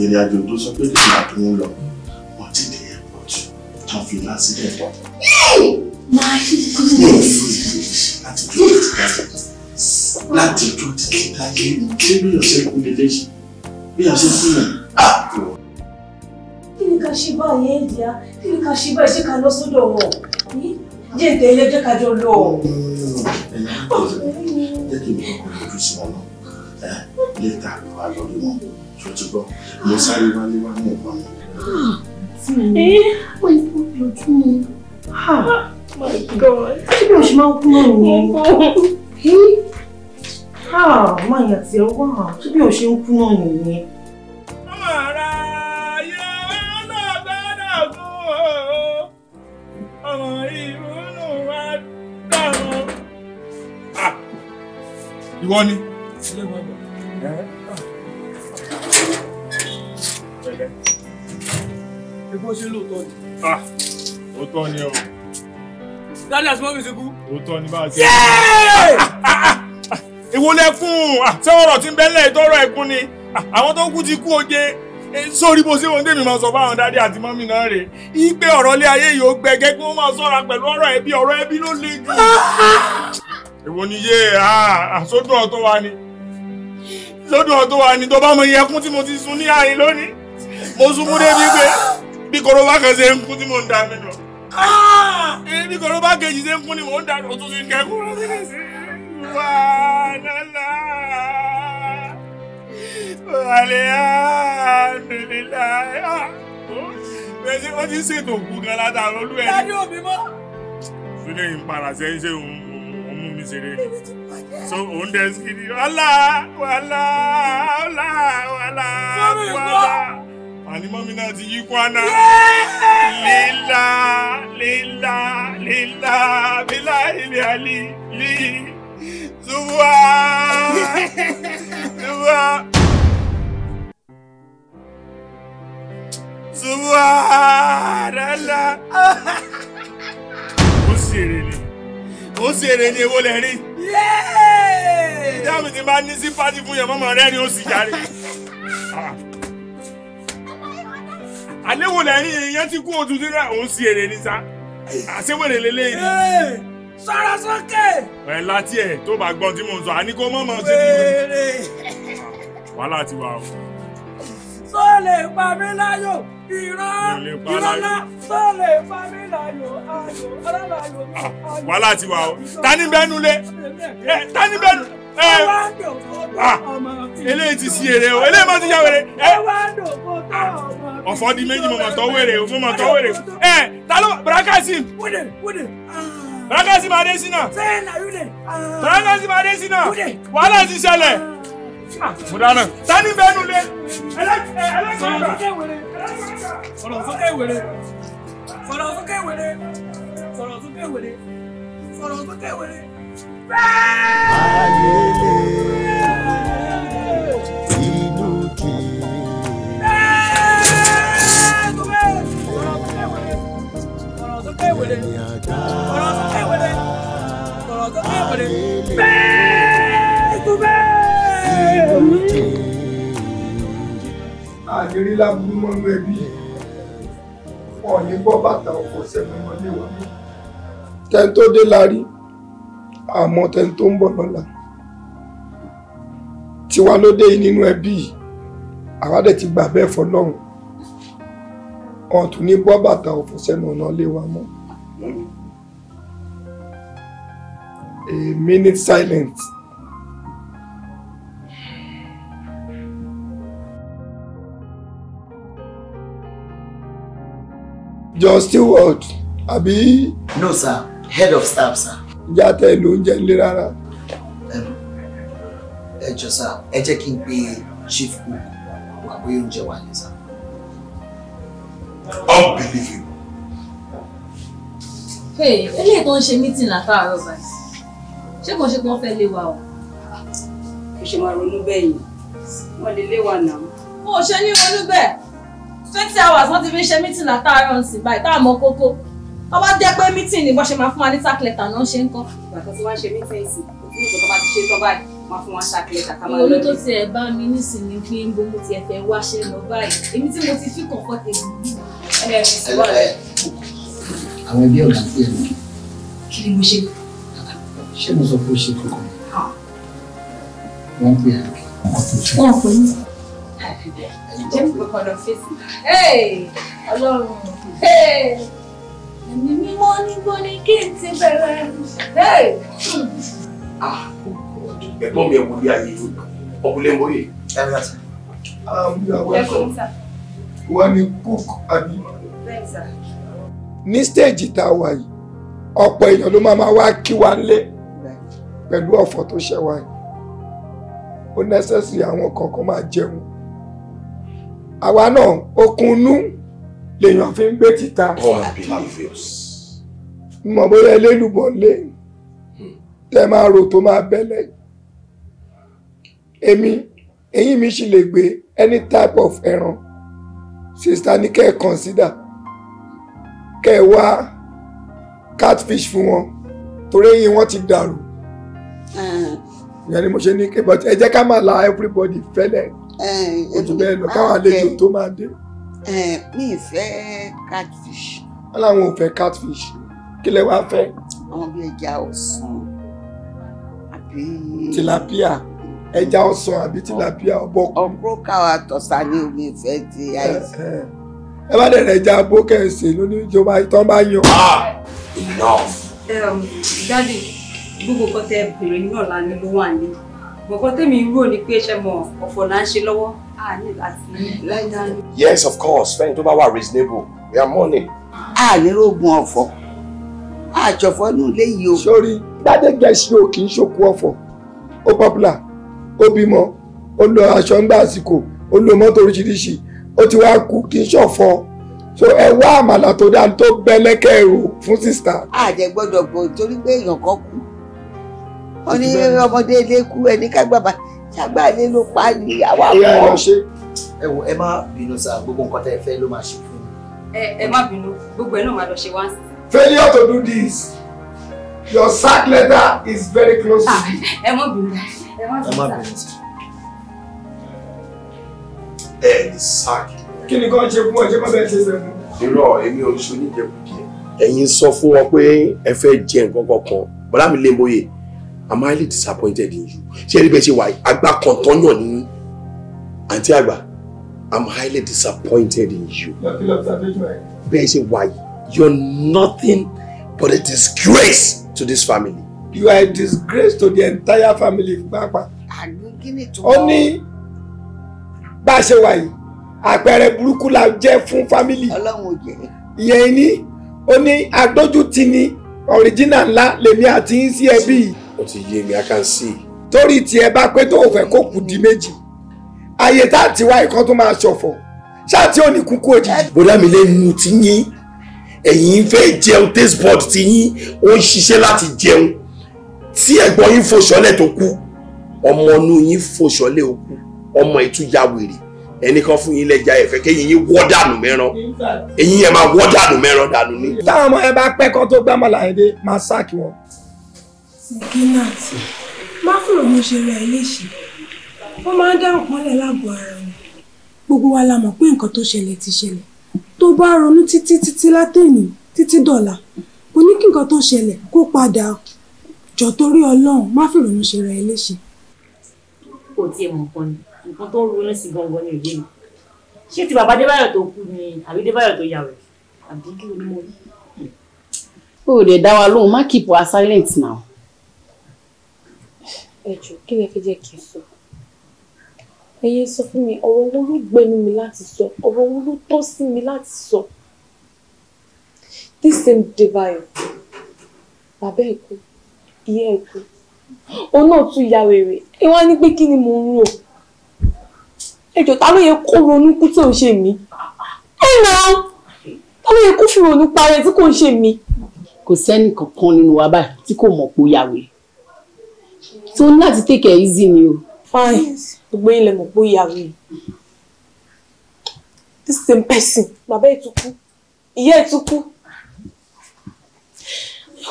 ìrìn àjò tó sọ pé kìlà tó ń lọ wọn ti dé airport tán fi lásìlẹ̀ pọ̀. my goodness látijọ́ títí láyé ṣé bí ọ̀sẹ̀ kú lè léyìí bí ọ̀sẹ̀ kú yẹn á ah! kú. kí ni ká ṣe báyìí ẹ̀yà kí ni ká ṣe báyìí ṣé ká lọ sọ́dọ̀ wọn jẹ́ ìtẹ̀ ilé jẹ́ ká jọ lọ. jẹ́ kí n kọ́ ojú sí wọn náà lẹ́tà ló wà lórí wọn tó ti gbọ́ mo sáré wálé wá ní ìbọn mi. ẹ wọ́n ń kú ah, My God. Ṣé bí o ṣe Ah, ọmọ ìyá tí ẹ wá ṣé bí o ṣe ń kú náà nìyẹn. ọmọ ara yẹ gún o ọmọ ìrúnú wa dàrú. Ah! ìwọ ni. ẹgbọ́n ṣe lóòótọ́ ni. Ah! òótọ́ ni o. dáadáa sí mọ́mí ṣe kú. òótọ́ ni bá a ṣe ìwọlẹ̀ fún àtẹ́wọ̀rọ̀ ah, tí ń bẹ́lẹ̀ ìtọ́rọ̀ ẹ̀kún ni ah, àwọn tó kú ti kú oje eh, sórí bó ṣe wọn mi máa sọ fáwọn dáadé àti mọ́mí náà rè é pé ọ̀rọ̀ ilé ayé yìí ó gbẹgẹ́ kí wọ́n máa sọ̀ra pẹ̀lú ọ̀rọ̀ ẹbí ọ̀rọ̀ ẹbí ló le jù. èwo ni yé àsọdún ah, ọ̀tọ̀ wa ni sọdún ọ̀tọ̀ wa ni tó bá mọ iye ẹkún tí mo ti sun ní àyè lónìí mo sunkún débi pé bí korobá kan ṣe ń kún tí mo ń da mi lọ eh, bí korobá kejì ṣe ń kún ni mo ń da mi lọ tó ti kẹ́kọ̀ọ́ سبحان الله والحمد لله bẹ́ẹ̀ wọ́n ti ṣètò òkú kan látàrí olú ẹ̀. dájú òbí mọ́. fúnlẹ̀ yìí ń para sẹ́yìn ṣé òun mú mi ṣeré ni. so òun dẹ́ sí ni wàhálà wàhálà wàhálà wàhálà wàhálà àní mọ́mí náà ti yí kwana. lílà lílà lílà bílà ilé àlè lílà. Tuba! Tuba! Tuba! Dala! Ó sì èrè ni. Ó sì èrè ni èwo lẹ rí. Ìdáhùn ti máa ní sí pátí fún yẹn mọ́mọ́ rẹ́ ni ó sì járe. Àléwò lẹ́yìn èèyàn ti kú òtún síra òun sì èrè ni sá. Àṣewèrè lélẹ́yìn ni sọ̀rọ̀ sókè. ẹ láti ẹ tó bá gbọ́ tí mo ń sọ àní kó mọ̀mọ́ sí mi. wéèrè. wàhálà ti wà o. tó lè pa mí láyò ìran ìrànlá tó lè pa mí láyò ayò ọlọ́láyò mi ayò. Ah, wàhálà ti wà o tani bẹnu lé eh, tani bẹnu. Eh. ẹ wá dòkó tó ah, ọmọ mi. eléyìí ti si èrè o eléyìí mo ti ya wèrè. Eh. Ah, ọ̀fọ̀ di méjì mo mọ̀ tọ́ wèrè o mo mọ̀ tọ́ wèrè o ẹ ta ló bùrákà sí. Ragasi Adesina. Ah. Ragasi Adesina. Wàhálà ti ṣẹlẹ̀. Ah. Mo dáná. Tani bẹ́ẹ̀ nu lé. Eh, Sọ̀rọ̀ fúnkẹ́ wèrè. Sọ̀rọ̀ fúnkẹ́ wèrè. Sọ̀rọ̀ fúnkẹ́ wèrè. Sọ̀rọ̀ fúnkẹ́ wèrè. Sọ̀rọ̀ fúnkẹ́ wèrè. Ayé lè. àdérí láburú mọ́nú ẹbí wọn bọ́ bàtà ọkọ̀ sẹ́nu wọn ní tẹ́ni tó dé la rí àmọ́ tẹ́ni tó ń bọ̀ lọ́la tiwa ló dé nínú ẹbí àwa dẹ̀ ti gbà bẹ́ẹ̀ fọlọ́run ọ̀tún ní bọ́ bàtà ọ̀fọ̀ sẹ́nu ọ̀nà lé wa mọ́. a minute silence. John Stewart àbí. no sir head of staff sir. ìjà tẹ ló ń jẹ nílé rárá. ẹ jọ sá ẹ jẹ́ kí n pe chief cook wà bóyá oúnjẹ wà ní sá. unbelievable. hey eléyìí tó ń ṣe mítìn látàárọ̀ báyìí ṣé kò ṣe pé wọ́n fẹ́ lé wa o. kò ṣe máa ronú bẹ́ẹ̀ yìí wọ́n lè lé wa náà. o ò ṣe ní ronú bẹ́ẹ̀ twenty hours wọ́n ti fi ń ṣe mítìn àtàárọ̀ nsìn báyìí tá a mọ kókó wọ́n bá jẹ́ pé mítìn ni bọ́n ṣe máa fún wa ní tákìlẹ̀tà náà ṣe ń kọ́. ìgbà tó ti wá ṣe mítìn ìsìn òfin ìgbà tó bá ti ṣe tọ́ báyìí máa fún wa ṣàkìlẹ̀tà ká máa lọ. olú tó ti ẹ̀ bá mi nísìnyí pé ń bo mo àwọn ẹbí ọ̀gá sí ẹ̀ kí ni mo ṣe? ṣé mo sọ pé ó ṣe kókó? Ah. wọ́n pè é. wọ́n pè é hey. kọ́kọ́rọ́ fèsì. ọlọ́run ẹ̀mí mímọ́ nígbó ni kí n ti bẹ̀rẹ̀. Ah, ẹ̀gbọ́n mi ẹ̀wọ̀n bí ayé ọkùnrin mọ́yè. Ah, wọ́n ní cook àbí. ní stéèjì tá a wà yìí ọ̀pọ̀ èèyàn ló máa wá kí wa lé pẹ̀lú ọ̀fọ̀ tó ṣẹ̀wá yìí ó nẹ́sẹ̀sì àwọn kọ̀ọ̀kan máa jẹun àwa náà okunnú lèèyàn fi ń gbé títa. unbelievers. mo bóyá elélùbọ̀ lé hmm. tẹ máa rò tó máa bẹ́lẹ̀ èmi eyín mi sì lè gbé any type of ẹran sista ni kẹ́ ẹ consider kẹ́ ẹ wá catfish fún wọn torí eyín wọn ti dàrú ah. ìyẹn ni mo ṣe ní kébọ̀tì ẹ jẹ́ ká máa la everybody fẹ́lẹ̀ ojú bẹ́ẹ̀ lọ káwọn àlejò tó máa dé. mi ì fẹ́ catfish. wọ́n láwọn ò fẹ́ catfish kí lẹ wá fẹ́. àwọn bíi ẹja ọ̀sán àbí. tilapia ẹja ọ̀sán àbí tilapia ọbọ. ọkùnrin káwọn àtọ̀sà ni omi ìfẹ́ ti àìsàn. ẹ bá dẹ̀rẹ̀ ẹja abó kẹ̀sì lónìí ìjọba ìtàn bá ah, yan. enough. dádì gbogbo kọ́tẹ́ bèrè náà lánàá ló wà nílùú bọ̀kọ́ tèmi ń rò ní pé ṣe mọ̀ ọ̀fọ̀ là ń ṣe lọ́wọ́ àní àti láìda ni. yes of course fẹ́yìn tó bá wà reasonable we are money. a ní rògùn ọ̀fọ̀ àjọ̀fọ́ nù léyìí o. sórí gbàdégbà ṣe o kì í ṣòkú ọ̀fọ̀ ó pọ́pùlà ó bímọ ó lo aṣọ ńgbà àsìkò ó lo mọ́tò oríṣiríṣi ó ti wá kú kì í ṣọ̀fọ̀ so ẹ wá àmàlà tó dáa tó bẹ́lẹ́kẹ́ rò fún sísá. àjẹgbọ́dọ̀ gbọ́ torí pé èèyàn kan kú wọ́n ní ọmọdé ilé kú ẹni kágbàbà ṣàgbàlẹ ló pa ni àwa ẹ lọ ṣe. ẹ wo ẹ má bínú sáà gbogbo nǹkan tẹ ẹ fẹ́ ló máa ṣe fún mi. ẹ má bínú gbogbo ẹ náà máa lọ ṣe wá. failure to do this your sack letter is very close ah, ẹ má bínú ẹ má bínú sáà. ẹ ní sack. kí ni kàn ṣe fún ẹ ṣé kàn bẹ́ẹ̀ ṣe sẹ́fún. irọ́ èmi ò ní ṣe oníjẹkùjẹ. ẹ̀yin sọ fún wọn pé ẹ fẹ́ jẹ nǹkan kankan bọ́lá mi lè mọyè i'm highly disappointed in you ṣé ẹni bẹ́ẹ̀ ṣe wà àgbà kan tán yàn ní àǹtí àgbà i'm highly disappointed in you bẹ́ẹ̀ ṣe wà you're nothing but a disgrace to this family. you are a disgrace to the entire family pàápàá. ó ní bá a ṣe wà yìí àpẹẹrẹ burúkú la jẹ́ fún family. ọlọ́run ò jẹ́. ìyẹn ni ó ní adójútì ni ọ̀ríjínà ńlá lèmi àti ń sí ẹbí yìí ó ti yé mi i can see. torí tiẹ̀ bá pé tó o fẹ́ kó kù di méjì àyè tá a ti wá ìkan tó máa ṣọ̀fọ̀ ṣáà tí ò ní kúkú òjijì. bóyá mi lẹ́nu ti yín ẹ̀yin fẹ́ jẹun taste board ti yín ó ń ṣiṣẹ́ láti jẹun tí ẹ̀gbọ́n yín fòṣọlẹ̀ tó kú ọmọ inú yín fòṣọlẹ̀ ó kú ọmọ ìtújà wèrè ẹnì kan fún yín lẹ́jà ẹ̀fẹ́ kéyìn yín wọ́ dànù mẹ́rán eyín yẹn máa wọ́ dànù mẹ́rán dànù ni. táwọn ọmọ yẹn bá pẹ́ tó gbámọ̀lá yẹn dé máa sáàkì wọn. Ginat, má fòrò mo ṣe ra ilé ìṣe. Wọ́n máa ń dáhùn pọ́nlẹ̀ lágọ̀ọ́ ara wọn. Gbogbo wa la mọ̀ pé nǹkan tó ṣẹlẹ̀ ti ṣẹlẹ̀. Tó bá ronú títí títí látẹ̀yìn títí dọ̀la, kò ní kí nǹkan tó ṣẹlẹ̀ kó padà jọ torí Ọlọ́run má fòrò mo ṣe ra ilé ìṣe. Kò tiẹ̀ mọ̀ kan ni, nǹkan tó ń ronú sí gangan ni òye mi. Ṣé ti bàbá Débáyọ̀ tó kú ni àbí Débáyọ̀ tó yà rẹ̀? Àbí kí o ní mo rí? O ò dẹ̀ dá wa lóhùn, má keep wa silent now ẹ jù kí lè fi jẹ́ kí n sọ ẹ yé sọ fún mi ọ̀rọ̀ wo ló gbẹnu mi láti sọ ọ̀rọ̀ wo ló tọ́ sí mi láti sọ this same Débáyọ̀ bàbá ẹ̀ kú ìyá ẹ̀ kú òun náà tún ya wèrè ẹ wá ní pé kí ni mo ń rò ẹ jọ ta ló yẹ kó ronú kú tí ò ń ṣe mí ẹ nà ta ló yẹ kó fi ronú parẹ́ tí kò ń ṣe mí. kò sẹ́ni kankan nínú wa báyìí tí kò mọ̀ pé ó ya wèrè So ní láti take it easy ni o. fine gbogbo ilẹ̀ mọ̀ pé ìyàwó yìí this same person bàbá ìtukú ìyá ìtukú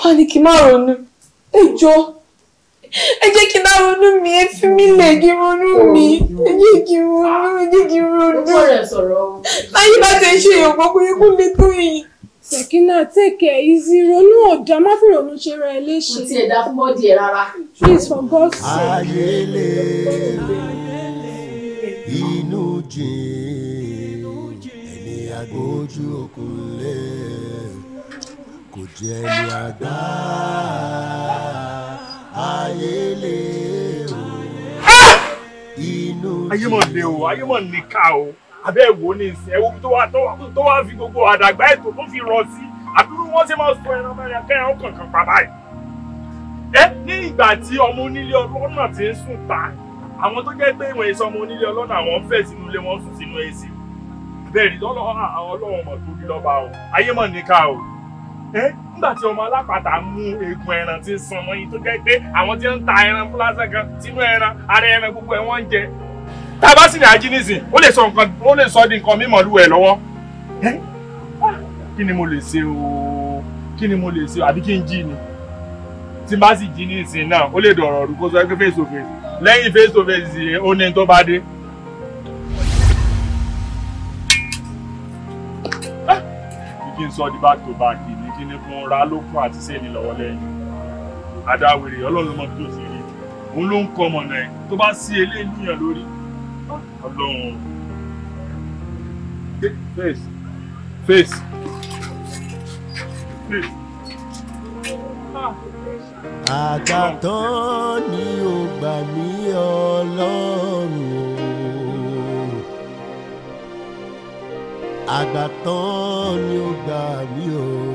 wà ní kí n má ronú ẹ jọ̀ọ́ ẹ jẹ́ kí n máa ronú mi ẹ fi mí lẹ̀ kí n ronú mi ẹ jẹ́ kí n ronú ẹ jẹ́ kí n ronú láyé bá ti ṣe èèyàn kò yẹ kó lè tó yìí. Sẹ̀kínà take it easy ronú ọ̀dà má fi ronú ṣe ra ẹ léṣe. Kò tiẹ̀ dá fún bọ́ọ̀dì ẹ̀ rárá. Please for God's sake. Ayele inú jìn ẹni agbójú òkun kò jẹ́ ẹni àgbà ayele ah! inú jìn. Ayé mọ̀ lé o, o abẹ́ ẹ̀wò ní ìsìn ẹ̀wò tó wá fi gbogbo àdàgbà ètò tó fi rọ sí àbúrò wọn ṣe máa sọ ẹran mẹ́rin kẹ́rin ó kankan pa báyìí. ẹ ní ìgbà tí ọmọ onílé ọlọ́nà ti ń sùn ta àwọn tó jẹ́ pé ìwọ̀n ìsọmọ onílé ọlọ́nà àwọn fẹ́ sínú ilé wọn sùn sínú èsì bẹ́ẹ̀ ni lọ́lọ́run àwọn ọlọ́run mọ̀ tó jẹ́ pé àwọn tá a bá sì ní ají nísìn ó lè sọ nǹkan ó lè sọ di nǹkan mímọ́ lúwẹ̀ lọ́wọ́ kí ni mo lè ṣe o kí ni mo lè ṣe o àbí kí n jí ni tí n bá sì jí nísìn náà ó lè dọ̀rọ̀ ọ̀rùn kó sọ pé face to face lẹ́yìn face to face yìí ó ní tó bá dé. Ah! kí n sọ di back to back ni kí ni fún ra lókun àti sẹ́ni lọ́wọ́ lẹ́yìn adáwèrè ọlọ́run mọ́ tó ti rí òun ló ń kọ́ ọmọ náà tó bá sí eléyìí níyàn lórí Ọlọ́run. Face. Face. Face. Àgàtàn ni ó gbà mí Ọlọ́run o. Àgàtàn ni ó gbà mí o.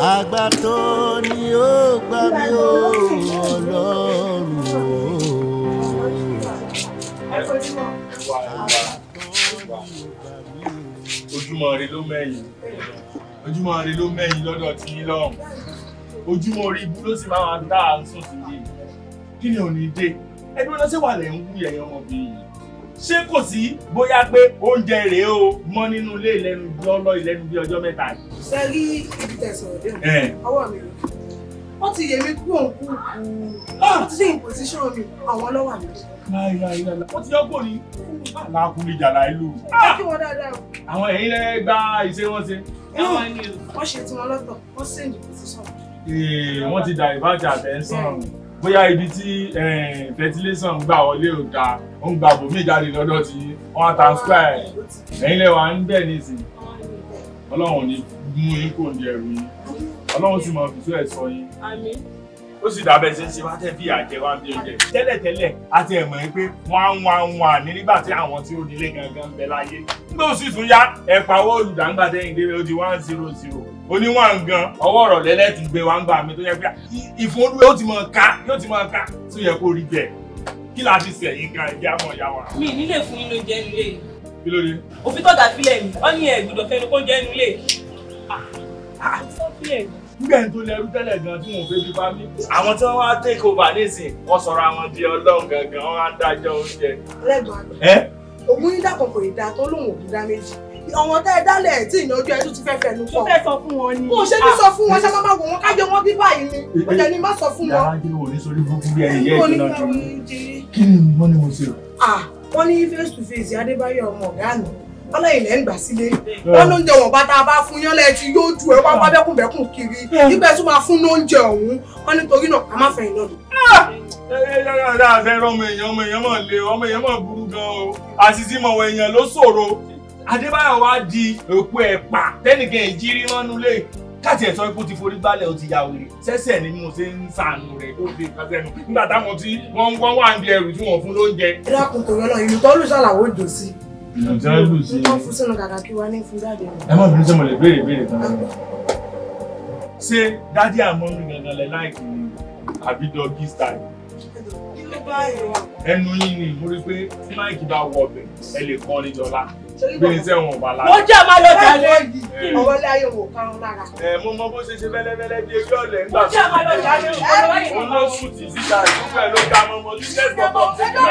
àgbà tó ni ó gbà mí ó ọlọ́run o. ojúmọ́ rẹ ló mẹ́yìn ojúmọ́ rẹ ló mẹ́yìn lọ́dọ̀ tí yín lọ́hùn ojúmọ́ orí ibú ló sì máa ń dá àǹsùn sí i kí ni ò ní dé ẹgbẹ́ lọ́sẹ̀ wà lẹ́ ń wú yẹ̀yẹ́ ọmọbìnrin yìí ṣé kò sí bóyá pé oúnjẹ rèé o mọ́ nínú ilé ìlẹ́nu lọ́lọ́ ìlẹ́nu bí ọjọ́ mẹ́ta yìí. ṣe rí ibi tẹ̀sán òde ọwọ́ mi lò wọ́n ti yẹ mi kú òun kú wọ́n ti ṣe ìpòsíṣàn mi àwọn ọlọ́wà mi. wọ́n ti yọ́pọ̀ ni alákùnrin jàlá ìlú. kí wọ́n dáadáa. àwọn ẹ̀yin lẹ́ gba ìṣe wọn ṣe. wọ́n ṣe tiwọn lọ́tọ̀ wọ́n ṣe ìpòsíṣàn. wọ́n ti dà ìbàjẹ́ àtẹ̀ ń sọ̀rọ̀ bóyá ibi tí fertilization eh, gbà wọlé ò dáa ó ń gba bòmí jáde lọ́dọ̀ tí wọ́n á transfer ẹ̀yin lẹ́wà ń bẹ̀ nísìnyí ọlọ́run ní mú yín kò ní ẹrù yín ọlọ́run sì mọ fìtú ẹ̀ sọ yín. ó sì dàbẹ̀ ṣe ń ṣe wá tẹ́ bí àjẹ wá bí oúnjẹ tẹ́lẹ̀tẹ́lẹ̀ àti ẹ̀mọ́ yín pé wọ́n á wọ́n á wọ́n à ní nígbà tí àwọn tí ó nílé gangan ń bẹ láyé nígbà ó sì tún yá ẹ̀pàwọ́ olùdàgbàdẹ́yìn dé ó di one zero zero oníwọ̀n gan ọwọ́ ọ̀rọ̀ lẹ́lẹ́ ti gbé wa ń gbà mí tó yẹ pé ìfún olúwe yóò ti máa ká yóò ti máa ká tó yẹ kó rí jẹ kí la fi sẹ̀yìn gan ẹ̀jẹ̀ àmọ́ ìyá wa. mi nílé fún inú jẹ nílé. kí ló dé. òfin tọ́jà sílẹ̀ ni wọ́n ní ẹ̀gbọ́dọ̀ fẹ́ni kó jẹ́ nílé. nígbà tó lẹrú tẹ́lẹ̀ gan tí wọ́n fẹ́ fi bá mi. àwọn tí wọ́n wá take over nísìn wọ́n sọ̀rọ̀ àwọn di ọlọ́run gangan wọ́n á dájọ́ oúnjẹ. lẹ́gbọ̀n àgbà ògùn yín dàpọ̀ kò ì ọ̀wọ́n tẹ́ ẹ dálẹ̀ tí ìnáwó ẹdún ti fẹ́ fẹnu pọ̀. mo fẹ́ sọ fún wọn ni. mo ṣe ní sọ fún wọn ṣáà máa wò wọn kájọ wọn bí báyìí ni mo jẹ má sọ fún wọn. yàrá kí ní sórí burúkú bí ẹni yẹ ìdúná jù kí ni wọ́n ní mo ṣe. wọ́n ní face to face adébáyọ̀ ọmọ ọ̀gá mi ọlọ́yìn lẹ́ ń gbà sílé wọ́n ló ń jẹ wọ̀nba tá a bá fún yán lẹ́ẹ̀tì yóò ju ẹ̀ wá bẹ́kùnbẹ́kùn kiri nígbà tó máa fún lóúnjẹ ọ̀hún wọ́n nítorí náà a má fẹ́ iná lò. ẹ̀ẹ́dẹ́gbẹ̀rún àfẹ́rẹ́ ọmọ èèyàn ọmọ èèyàn mọ̀ lé ọmọ èèyàn mọ̀ burú gan o àṣìṣe mọ̀wọ̀ èèyàn ló ṣòro adébáyọ̀ wá di òkú ẹ̀ pa tẹ́nìkan ẹ̀ jírí mọ́nú lé káàtì ẹ̀ sọ pé ó ti forí gbálẹ̀ ó ti ya wèrè sẹ́sẹ̀ ni mo ṣe ń sànù rẹ̀ tó fi nǹkan sẹ́nu nígbà táwọn tí wọ́n ń wọ́n wà ń di ẹrù tí wọ́n fún lóúnjẹ. ẹ dákun kò yọlọ ìlú tọ́lù ṣàlàwò jò sí. ìjọba ìlú sí i. wọ́n fún sínú kàkà kí wọ́n ní fún jáde. ẹ má bínú sọmọlẹ ẹnu yín ni mo rí pé máìkì bá wọ ọbẹ̀ ẹ lè kọrin dọ́là bí n sẹ́ wọn bá lára. wọ́n jẹ́ máa lọ jàre ọwọ́ láyé wò ká lára. ẹ mo mọ bó ṣe ṣe bẹ́lẹ́bẹ́lẹ́ bí ojú ọ̀lẹ́ nígbà tó. wọ́n jẹ́ olóṣù tì síta ìdúpẹ́ ló ga mọ́mọ́ tí lẹ́sìn ọkọ̀ ti dùn.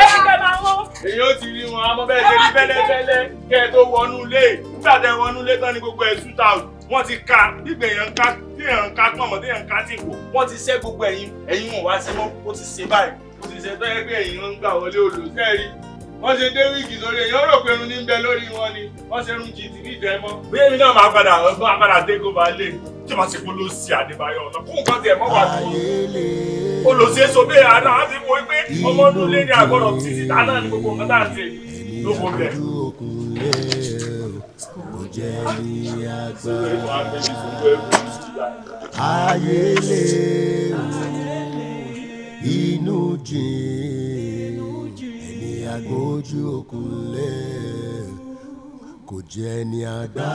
èyí ó ti rí wọn àmọ́ bẹ́ẹ̀ ṣe rí bẹ́lẹ́bẹ́lẹ́ kẹ́ ẹ tó wọnú ilé nígbà tẹ́ wọnú ilé tán ni gbogbo ẹ̀ tú ta wọ́n ti ka gbígbẹ̀ èèyàn ká tí èèyàn ká pọ̀ mọ́ tí èèyàn ká tì kò wọ́n ti ṣe gbogbo ẹ̀yìn ẹ̀yìn wọn wá sí mọ́ ó ti ṣe báyìí ó ti ṣe tó yẹ pé èèyàn ń gbà wọlé olùsẹ́ẹ̀rí wọ́n ṣe dé wíìgì sórí èyí ó rò pé irun ní bẹ lórí wọn ni wọ́n ṣe irun jìtì ní ìtẹ́ mọ́. bí èmi náà máa padà máa padà dé kó máa tí màá ṣe kó ló sí àdébáyọ ọ̀nà kó nǹkan tiẹ̀ mọ́ wà tó olùsí èso bẹ́ẹ̀ àná àti mo wípé ọmọ ọdún lé ní àgọ́rọ̀ títí dáná ní gbogbo nǹkan tá à ń ṣe ló kó bẹ̀. ayé lè inú jìn agbójú òkun lé kò jẹ́ ní àgbà.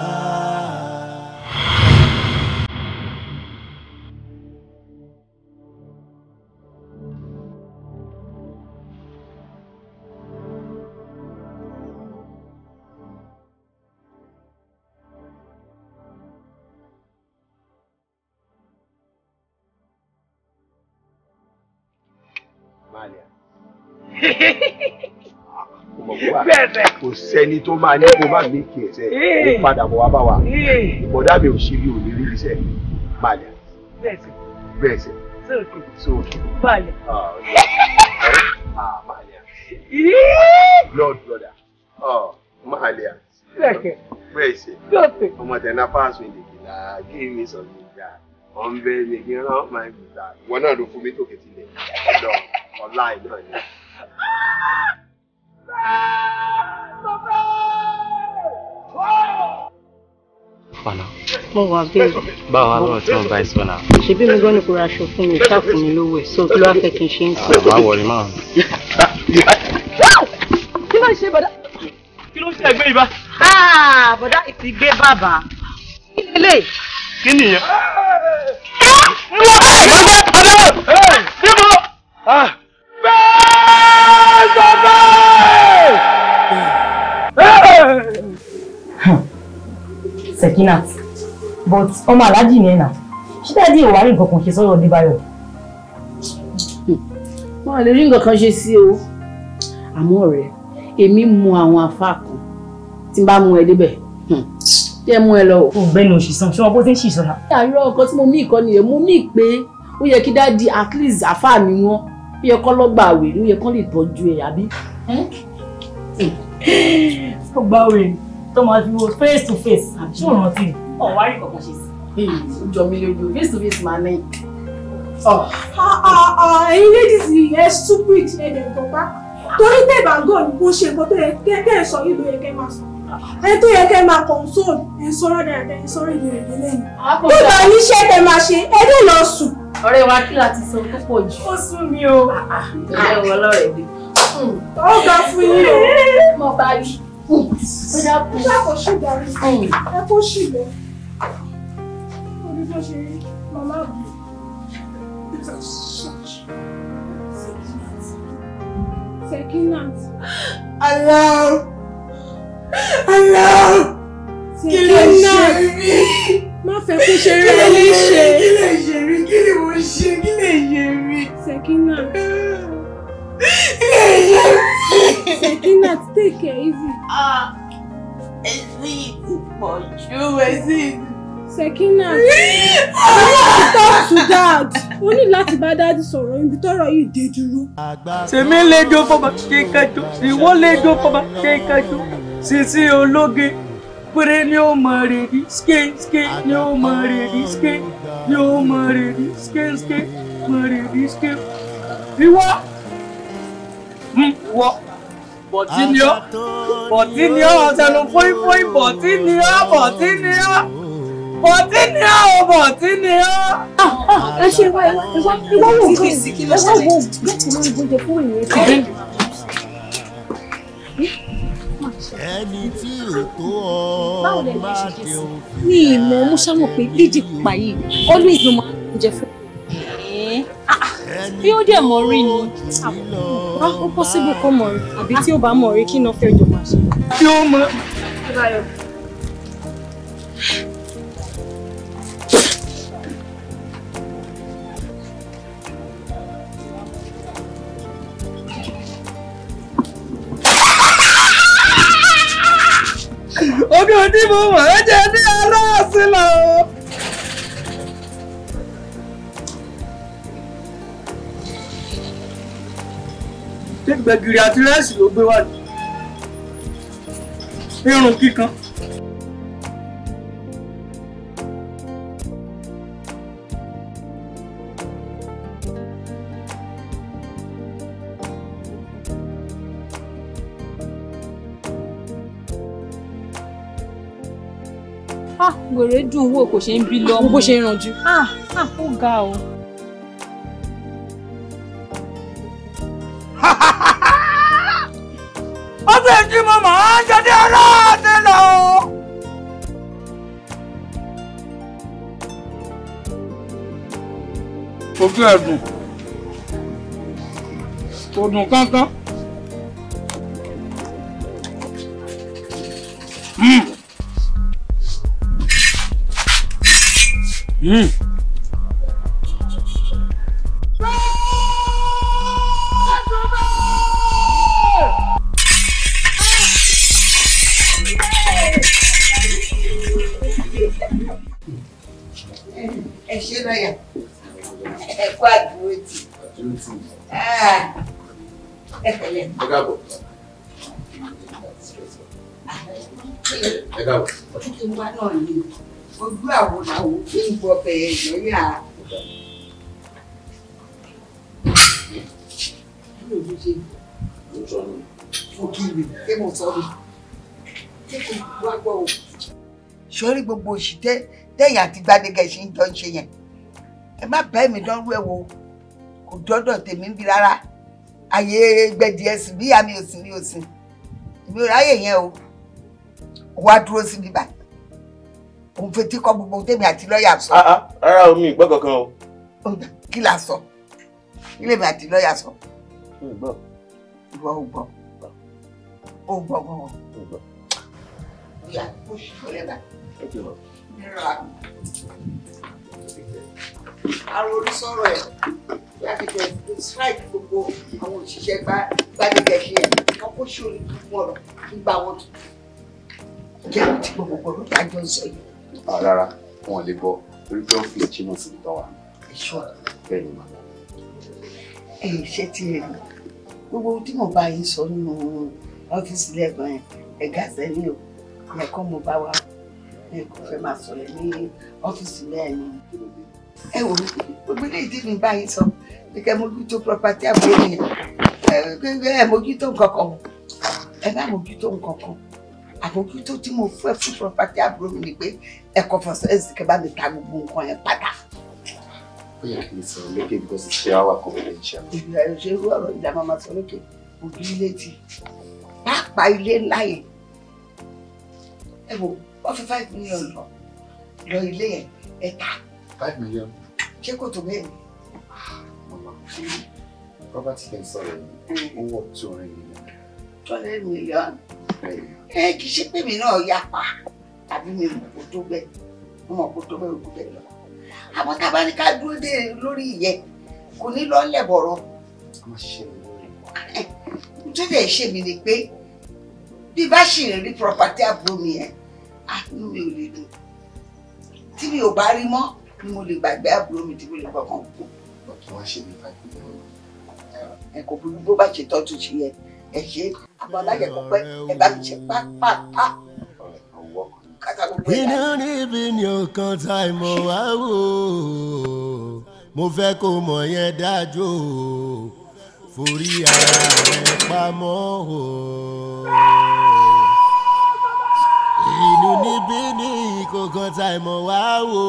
bẹ̀rẹ̀. kò sẹ́ni tó máa ní kó má gbé kí ẹsẹ̀ kó padà bọ̀ wá bá wa ìbọ̀dá mi ò ṣe bí òní rí iṣẹ́ balẹ̀ bẹ́ẹ̀ sẹ́ sókè sókè balẹ̀ balẹ̀ blood brother balẹ̀ bẹ́ẹ̀ sẹ́ ọmọ tẹ̀ náà pàṣẹ ìdèkìlá kí ni sọ̀rọ̀ ìgbà ọ̀nbẹ ni kí n rán máa gbà ìwọ náà ló fún mi tòkè tilẹ̀ ọ̀dọ̀ ọ̀la ìlú ọ̀yẹ́. Fana. Mo wà bẹ́ẹ̀. Báwa lọ tí wọ́n bá ẹ sọ náà. Ṣebí mi gbọ́dọ̀ kóra aṣọ fún mi ṣáà fún mi lówó ẹ̀. So kí ló wá fẹ́ kí n ṣe ń sọ? Àmọ́ wọlé máa. Kí ló ń ṣe bọ̀dá? Kí ló ń ṣe ẹgbẹ́ ibà? Ah, bọ̀dá ti gbé bàbá. Kí lélẹ̀? Kí nìyẹn? Ẹ ń wọ báyìí lọ́jọ́ àbẹ̀wò. Níbo? Bẹ́ẹ̀. Sekinat but ọmọ aláàjì ni ẹ̀ nà ṣé dáàdì ìwárí nǹkan kan ṣe sọ̀rọ̀ Adébáyọ̀. wọn lè rí nǹkan kan ṣe sí o àmọ́ ọ̀rẹ́ èmi mu àwọn afá kan tí n bá mu ẹ débẹ̀ hmm, jẹ́ mú ẹ lọ o. ọ̀gbẹ́ni òṣìṣàn ṣé wọn bó ti ń ṣìṣàn náà. àárọ̀ ọkọ tí mo mí ìkọ́ nìyẹn mo mí pé ó yẹ kí dáàdi at least àfá mi wọn ó yẹ kọ́ lọ́gbà àwẹ̀ ló yẹ kọ́ lè tọ́jú ẹ̀ àbí. ọgbà àwẹ̀ tó máa fi wo face to face ṣé òun rántí ọ̀ wá rí kankan ṣe sí. ó jọ mí lójú face to face máa náà. Ah, ah, ah, ẹ̀yin ladies yìí ẹ stupid ẹ̀ lè gbọ́ pa torí tẹ̀ bá gò ní kó ṣe nǹkan tó yẹ kẹ́ ẹ̀ sọ yìí ló yẹ kẹ́ máa sọ ẹ tó yẹ kẹ máa console ẹ sọ̀rọ̀ dáadáa ẹ sọ̀rọ̀ ìbéèrè ìbí lẹ́yìn nígbà oníṣẹ́ tẹ máa ṣe ẹ dé lọ sùn. ọ̀rẹ́ wa kí láti sọ tó pọ̀ jù. ó sún mi o. ẹ wọ lọrẹ dé. ó gbà fún yín o. mo bá rí. Ọjà kú. Ṣé kò ṣì darí? Ẹ kó ṣì lọ. Orí tó ṣe màmá bù. Sekinat. Aláwo. Aláwo. Kí ló ṣe rí? Má fẹ́ kó ṣe rí ẹ léṣe. Kí lè ṣe rí? Kí lè mo ṣe? Kí lè ṣe rí? Sekinat. Sakinat, take care easy. Ah, for you, jù ẹsí. Sakinat, talk to dad. O ní láti bá dáàdì sọ̀rọ̀ ibi tọ́rọ̀ yìí dé dúró. Sèmi lè jó fọba ṣe kájú, ìwọ lè jó fọba ṣe kájú, sisi ológe péré ni ó mọ rèédi, ske ske ni ó mọ di ske ni ó mọ rèédi, ske ske mọ rèédi, ske. Ìwọ wọ bọ̀tí ni ọ́ bọ̀tí ni ọ́ ọ̀sẹ̀ ló fóyín fóyín bọ̀tí ni ọ́ bọ̀tí ni ọ́ bọ̀tí ni ọ́ bọ̀tí ni ọ́. Ah, ẹ ṣe ìwà ìwà ìwà wò ó kí ìwà wò ó bẹ́ẹ̀ ti máa ń gbọ́dọ̀ fún ìyẹn. ẹni tí ò tó ọ máa jẹ òfin. ní ìmọ̀ mo ṣàmọ̀ pé bídìí pààyè always ló máa ń jẹ fún mi bí ó dẹ̀ mọ̀ rí ni wá ah, ó pọ́síbù kó mọ̀ rí àbí tí ó bá mọ̀ rí kí iná fẹ́ jọ máa ṣe. kí ó mọ. omi ò ní mo mọ̀ ẹ́ jẹ́ ní aláàsílẹ̀ o. ṣé gbẹ̀gìrì àti rẹ́ẹ̀sì ló gbé wá ní irun kíkan. Ah, wèrè dùn wò kò ṣe ń bí lọ bó ṣe ń ranjú. Ah, ah, ó ga o. ojú ẹ̀dùn kò dùn kánkán. Mm. Mm. káwọ. gbogbo òṣì tẹ àti gbadege ṣe ń jọ ṣe yẹn ẹ má bẹ́ẹ̀ mi dánrú ẹ̀ wò kò dọ́dọ̀ tèmi ń rárá àyè gbẹ̀dì ẹ̀sìn bí àmì òsìn ní òsìn èmi ò yẹn o wá dúró sí mi báyìí òun fetí kọ gbogbo tèmi àti lọ́ọ̀yà sọ. Ah, ah, rárá omi ìgbọ́ kankan o. kí la sọ kí lèmi àti lọ́ọ̀yà sọ. ìgbọ́ ìgbọ́ ò gbọ́ ò gbọ́ gbọ́. ìyá ó ṣe ìṣòro sọ̀rọ̀ ẹ̀ láti jẹ strike gbogbo àwọn òṣìṣẹ́ gbàgede ṣe ẹ̀ kọ́kọ́ ṣòro gbogbo ọ̀rọ̀ nígbà wọn tuntun kí àwọn ti gbọ́ gbogbo ọ̀rọ̀ tájọ́ ń sọ yìí. rárá wọn lè bọ torí pé ọ́fì jìnnà sí ìtọ́ wa. ẹ̀ṣọ́ bẹ́ẹ̀ ni màá. ẹ̀yin ṣé ti rẹ̀ mọ́ gbogbo tí mo bá yín sọ nínú ọ́fíìsì lẹ́gbọ̀n yẹn ẹ̀gá sẹ́yìn o yẹn kọ́ mo bá wa ẹ kò fẹ́ máa sọ̀rọ̀ ní ọ́fíìsì lẹ́yìn. ẹ wò gbogbo ilé ìdí mi bá yín sọ kíkẹ́ mójútó property àbúrò yẹn ẹ mójútó nǹkan kan ẹ má mójútó nǹkan kan àbójútó tí mo fẹ́ fún property àbúrò mi ni pé ẹ̀kọ́ for sales kẹ́ bá mi ta gbogbo nǹkan yẹn pátá. ó yẹ kí n sọ lókè because it's your hour confidential. ìgbà ìṣe irú ọ̀rọ̀ ìjà máa ma sọ lókè òbí ilé ti pàápàá ilé ńlá yẹn ẹ wò wọ́n fi five million lọ lọ ilé yẹn ẹ ta. five million. ṣé kò tó bẹ́ẹ̀ ni. Ah, property kẹ́ ń sọ̀rọ̀ yìí ó wọ̀ two hundred million. two hundred million ẹ kì í ṣe pé mi náà yapa tàbí mi mọ̀ kó tó bẹ́ẹ̀ mo mọ̀ kó tó bẹ́ẹ̀ kó bẹ́ẹ̀ lọ àmọ́ tá a bá ní ká dúró dé lórí ìyẹn kò ní lọ lẹ́bọ̀rọ̀ tó dẹ̀ ṣe mí ni pé bí bá ṣì ń rí property àbúrò mi yẹn àánú mi ò lè dùn tí mi ò bá rí mọ́ ni mo lè gbàgbé àbúrò mi tí mo lè kọ̀ọ̀kan kú. ọ̀tún wá ṣe mi báyìí. ẹ kò burú bó bá ṣe tọ́jú ṣe yẹ ẹ ṣe é àbọ̀ aláyẹ̀ kọ́ pẹ́ ẹ bá mi ṣe pápápá. ìmọ̀ wá wò mo fẹ́ kó mọ̀ yẹn dájú o forí ara rẹ̀ pamọ́ o. inú níbi ni nǹkan tá ìmọ̀ wá wò.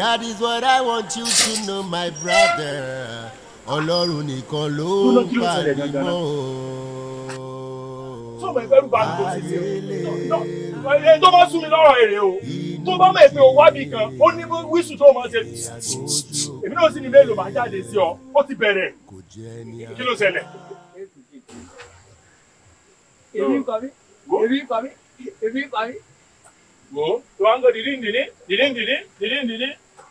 That is what I want you to know, my brother. Ọlọ́run nìkan ló ń pàdé mọ́ o tó mọ̀ ẹgbẹ́ rúbà tó ti ṣe o tó bá sún mi lọ́rọ̀ èrè o tó bá mọ̀ pé o wá kan ó ní wíṣù tó mọ̀ ṣe èmi náà sì ní mélòó máa jáde sí ọ ó ti bẹ̀rẹ̀ kí ló ṣẹlẹ̀. èmi ń kọ èmi ń kọ èmi ń kọ wo tó wá ń gbọ́ dìdí dìdí dìdí dìdí dìdí dìdí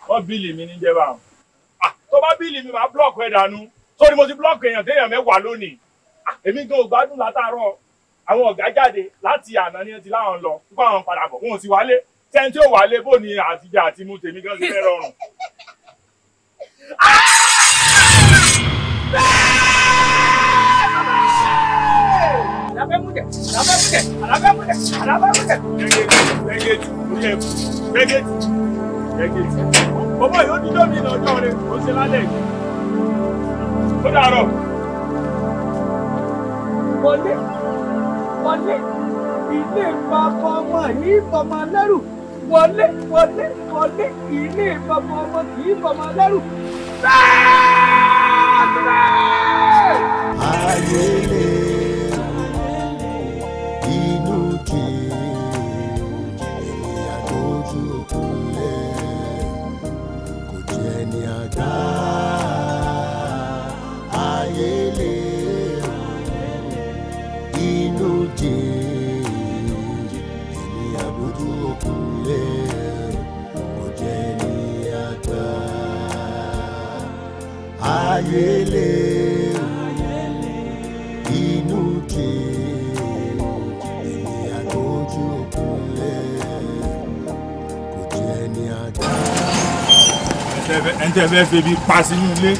wọ́n bíìlì mi ní jẹba àwọn. tó bá bíìlì mi máa búlọ̀kù ẹ̀ dànù sórí mo ti búlọ̀kù èèyàn téèyàn mẹ́wàá lónìí èmi gan ò gbádùn látàárọ̀ àwọn ọ̀gá jáde láti àná ni wọ́n ti láwọn lọ nípa àwọn padà bọ̀ wọn ò sì wálé tẹ́ni tí ó wálé bò ní àtijọ́ àti mú tèmi gan ṣe fẹ́ rọrùn. Ọmọ yóò dídọ́ mi lọ́jọ́ rẹ̀ kò ṣe lálẹ́ yìí. Ó dàrọ̀. Wọlé wọlé ilé bàbá ọmọ yìí bọmọ lẹ́rù wọlé wọlé wọlé ilé bàbá ọmọ yìí bọmọ lẹ́rù bẹ́ẹ̀ ayé lè ayele inú ke ènìyàn lójú òkunlẹ̀ kò jẹ́ ẹni àgbà. ẹ̀ńtẹ́ fẹ́ febi pa sínú ilé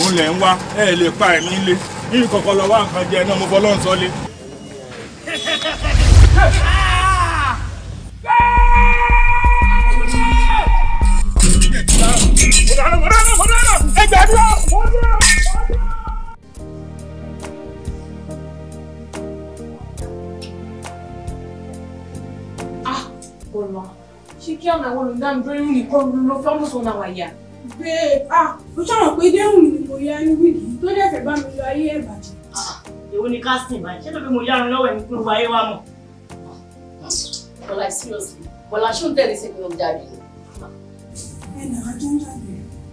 òun lẹ̀ ń wá ẹ̀ lè pa ẹ̀mí ilé yìí kọ̀kọ́ lọ wá nǹkan jẹ náà mo fọ́ kíá ah mo ni mo ah, ni seriously bọ́lá ṣó ń tẹ̀lé sí mi ló ń jáde. ẹ nà á tó ń jáde.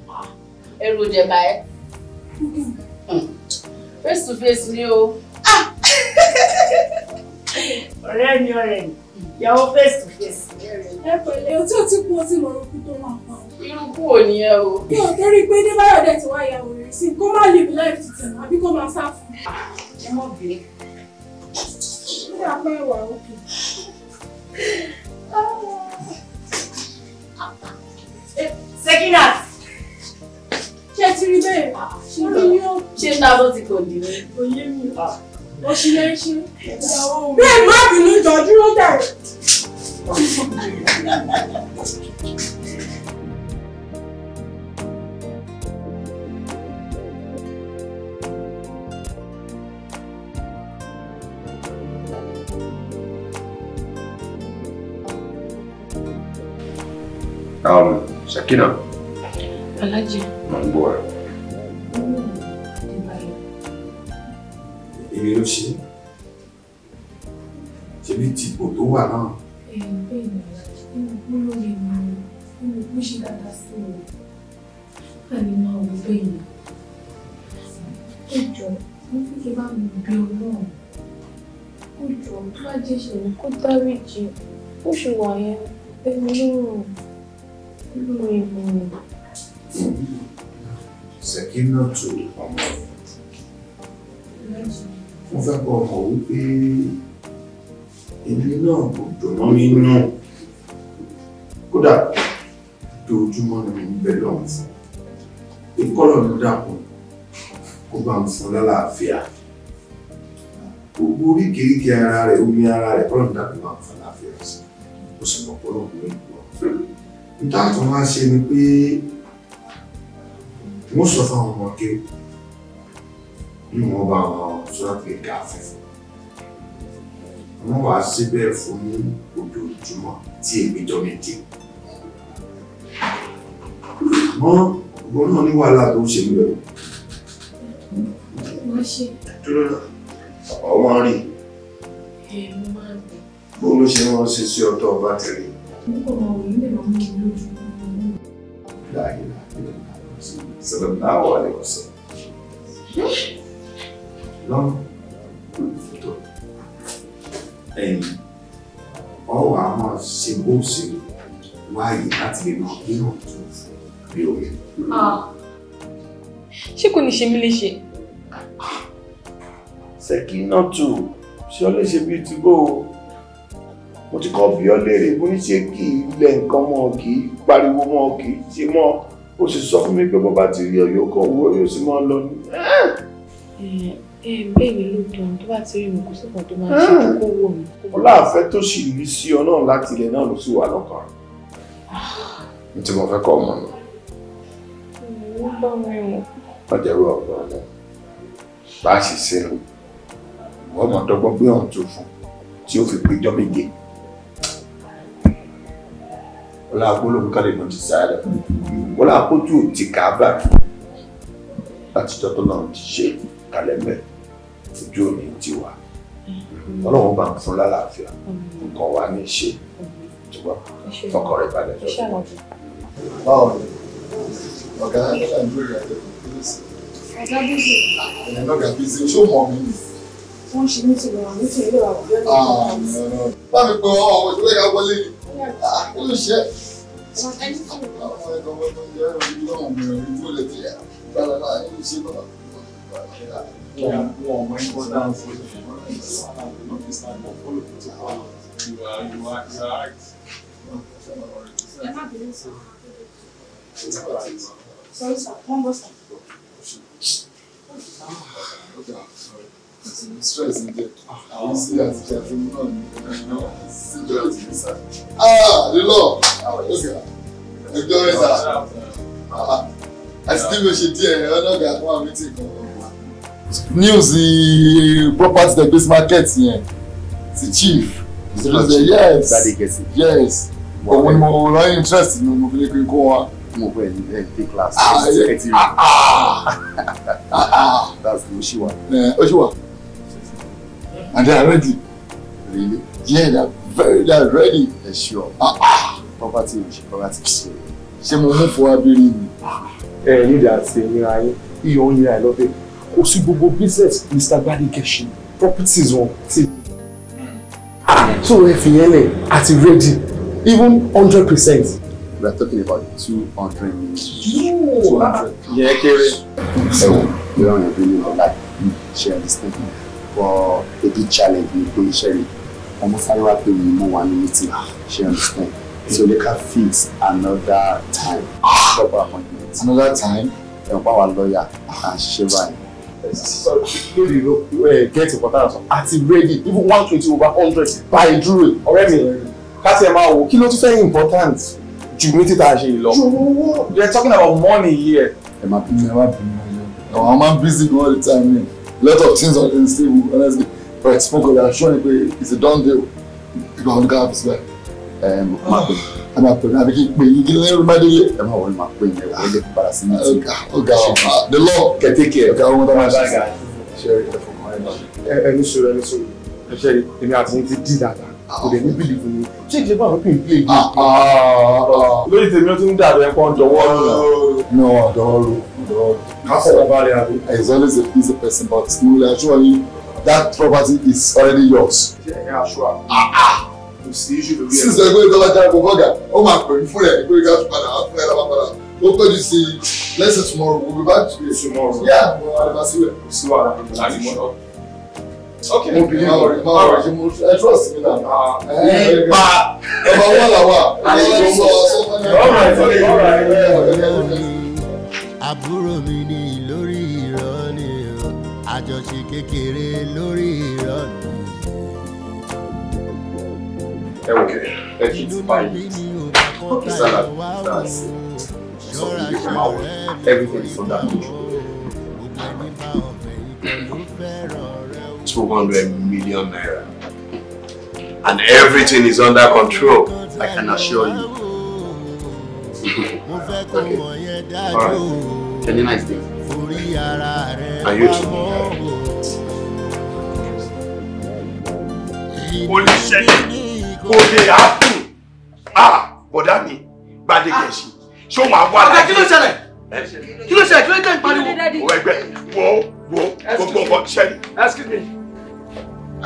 Ah, hmm. face to face ni o. Ah! ọ̀rẹ́ mi ìyàwó face to face. ẹ pẹ̀lẹ́ o tí o ti kú o ti mọ̀ orúkú tó máa pa o. irú kú ò ní ẹ o. kí o torí pé débáyọ̀ dẹ̀ ti wá ìyàwó rẹ̀ sí kó má live life ti tẹ̀lé àbí kó máa sá fún. Ah, ẹ mọ̀ bí. nígbà pẹ́ wà òkè. Sekinat. Ṣé ti rí bẹ́ẹ̀? Ah, Ṣé ta ló ti kò dì ní? Oyé mi. Ah ó ṣí lé ṣí bẹ́ẹ̀ má bínú jọ dúró dàrú. Um, Sakina. Alhaji. Mo ń gbọ́ èmi ló ṣe ṣebí tìpò tó wà náà. Ẹjọ́ mo fi kí bá mi bí ọlọ́run kó jọ tó bá jẹ́ ìṣẹ̀lẹ̀ kó dáríjì bó ṣe wà yẹn ẹni lóòrùn lóòrùn ìmọ̀ràn. Ṣèkí náà tó ọmọ. Thank you mo fẹ́ kọ ọkọ̀ wípé èmi náà kò dùn mọ́ mi nù kódà dojúmọ́ ni mo ń bẹ lọ́hùn fún ìkọlọ̀ ló dàpọ̀ kó bá ń fún lálàáfíà gbogbo oríkèéríkèé ara rẹ̀ omi ara rẹ̀ kọ́lọ̀ dàpọ̀ máa ń fún lálàáfíà sí ó sì mọ̀ kọ́lọ̀ ló ń gbọ́. ìtàkùn wa ṣe ni pé wọ́n sọ fún àwọn ọmọ kéwòn bí wọ́n bá wọn sọ pé káfẹ́ wọ́n wá síbẹ̀ fún ojoojúmọ́ tí èmi jọ méje wọ́n ọgbọ́n náà ní wàhálà tó ṣe ń bẹ̀rù ọmọ rí bó ló ṣe wọ́n ṣe sí ọ̀tọ̀ ọba tẹ̀lé láàyè láàyè sọ̀rọ̀ náà wà lẹ́kọ̀ọ́sọ̀ hmm? lọ́rùn tó ẹ̀yìn ọwọ́ a máa ṣe bó ṣe wáyé láti lè máa bí ọ̀tún bí òye. ṣé kò ní ṣe mí léṣe? ṣèkí náà tù ṣé ó lè ṣe bíi ti bó o mo ti kọ́ bí ọ léèrè mo ní ṣe kì í lẹ nǹkan mọ́ kì í pariwo mọ́ kì í ṣe mọ́ ó sì sọ fún mi pé bó bá ti rí ọ yóò kọ owó yóò sì mọ́ lọ ní bẹ́ẹ̀ni lóòótọ́ tó bá ti rí mi kò sí kan tó máa ṣe kókó wò mí. ọláàfẹ́ tó sì ní sí ọ náà láti ilẹ̀ náà ló sì wà lọ́kàn ní tí mo fẹ́ kọ́ ọmọ mi. mo bá wọn ẹ̀wọ̀n. ọjà ìwé ọ̀gbọ́n ọ̀gbọ́n bá a sì ṣe lò wọ́n mọ̀ dọ́gbọ́n gbé ọ̀hún tó fún tí ó fi péjọ́ méje. ọláàpọ̀ olóhùn kálí ló ti sáyà lọ ọláàpọ̀ tó ti kà á bàtú láti tọ́tọ́ náà ti ṣe é kalẹ̀ mẹ́ ojú òní ti wà ọlọ́run bá ń fún lálàáfíà nǹkan wa ní ṣe ṣùgbọ́n fọkàn rẹ̀ balẹ̀ lọ. báwo ni ọ̀gá àdúgbò rẹ̀ ọ̀gá bísí ọ̀gá bísí ṣó mọ̀ mí ni. wọ́n ṣe ní tìlọ̀ ní tìlọ̀ àwùjọ ní ìlú. bá mi pe ọmọ ìdílé ya wọlé ni kí ló ṣe. àwọn ẹ̀dọ̀ wọ́n tó ń jẹ́ ìlú ọ̀hún ìlú ìlú ìlú ìlú ìlú ìlú ìlú ìlú ìlú Ah, the law. Okay. Enjoy that. Ah, I still wish it here. I don't get one meeting news the property the base market yẹn ti chief yes yes òun ni mo rọ interest ni mo fi lè kó wa. mo fẹ́ ẹ dé class ah ah rí ah. ah, ah. that's the oshiwa. Eh, oshiwa and they are ready. really yeah they are very they are ready. ẹ ṣe ọ property ò ṣe property ṣe ṣé mo mú fún wa bí rí mi. ẹ ní ìdá àti ẹ̀yìn ayé iyọ̀ ń yẹra ẹ̀ kò sí business Mr. Gbadeke ṣe properties wọn ti. so ẹ fi ready even hundred we are talking about two hundred million. two hundred. yẹn kéré. ẹ wo yóò ràn ẹbí mi lọ́la ṣe understand me for a big challenge ni pé iṣẹ́ rẹ̀ ọmọ sáré wá pé mi mú wa ní meeting ṣe understand so they can fix another time ah! proper appointment. another time ẹ̀rọ pa wà lọ́ọ̀yà à ń ṣiṣẹ́ báyìí lórí ìlú get important àti ready even one twenty over hundred by drew ọ̀rẹ́ mi káti ẹ̀ máa wò kí ló tún important You meet it ṣe yìí lọ. you are talking about money here. ẹ máa bí mi ẹ busy all the time man a lot of things are unstable honestly but spoke of that show ni pé it's a done deal You ọdún káàpì síbẹ̀ máa pè é a máa pè ní àbí kí n pè yín kí lẹ́rú bá délé ẹ máa wọlé máa pè yín ẹ̀rọ ilé padà sí ní ti ọ̀gá ọ̀gá the law kẹ̀tẹ́kẹ̀ ọ̀gá ọmọ tó máa ṣe ṣe ẹni sọ̀rọ̀ ẹni sọ̀rọ̀ ẹ ṣe rí èmi àti yín ti dì ah, It's ah, ah, always a busy person, but actually, that property is already yours. Yeah, sure. Ah, ah kò sí iṣu lórí ẹ̀. sísè pé tó bá jáde kó bọ́gà ó máa pè fún rẹ̀ pé ká tún padà fún ẹ̀ lábá padà ó pẹ́jù sí let's say tomorrow we'll be back to you. tomorrow yeah mo máa bá sílẹ̀. kò sí wàhálà láti mọ́ ọ. ok mo bìí ma ọ̀rẹ́ ma ọ̀rẹ́ ṣe mo ẹ trust mi na. Ah, nípa ọba wọn là wà. àbúrò mi ni lórí ìrọ̀lẹ́ o àjọṣe kékeré lórí ìrọ̀lẹ́ ẹ wò ẹ kì í ti báyìí ìsàlà ìsàlàsì everything is under control. two hundred million naira and everything is under control I can assure you. okay all right have a nice day Are you too. Holy shit! kò lè happen ah bọ̀dá mi Gbádégẹṣin ah. ṣé òun àwa láti. ọ̀gá kí ló ṣẹlẹ̀ kí ló ṣẹlẹ̀ kí ló tẹ̀ ń pariwo. wo ẹgbẹ́ wo wo gbogbo nǹkan ṣẹlẹ̀. excuse me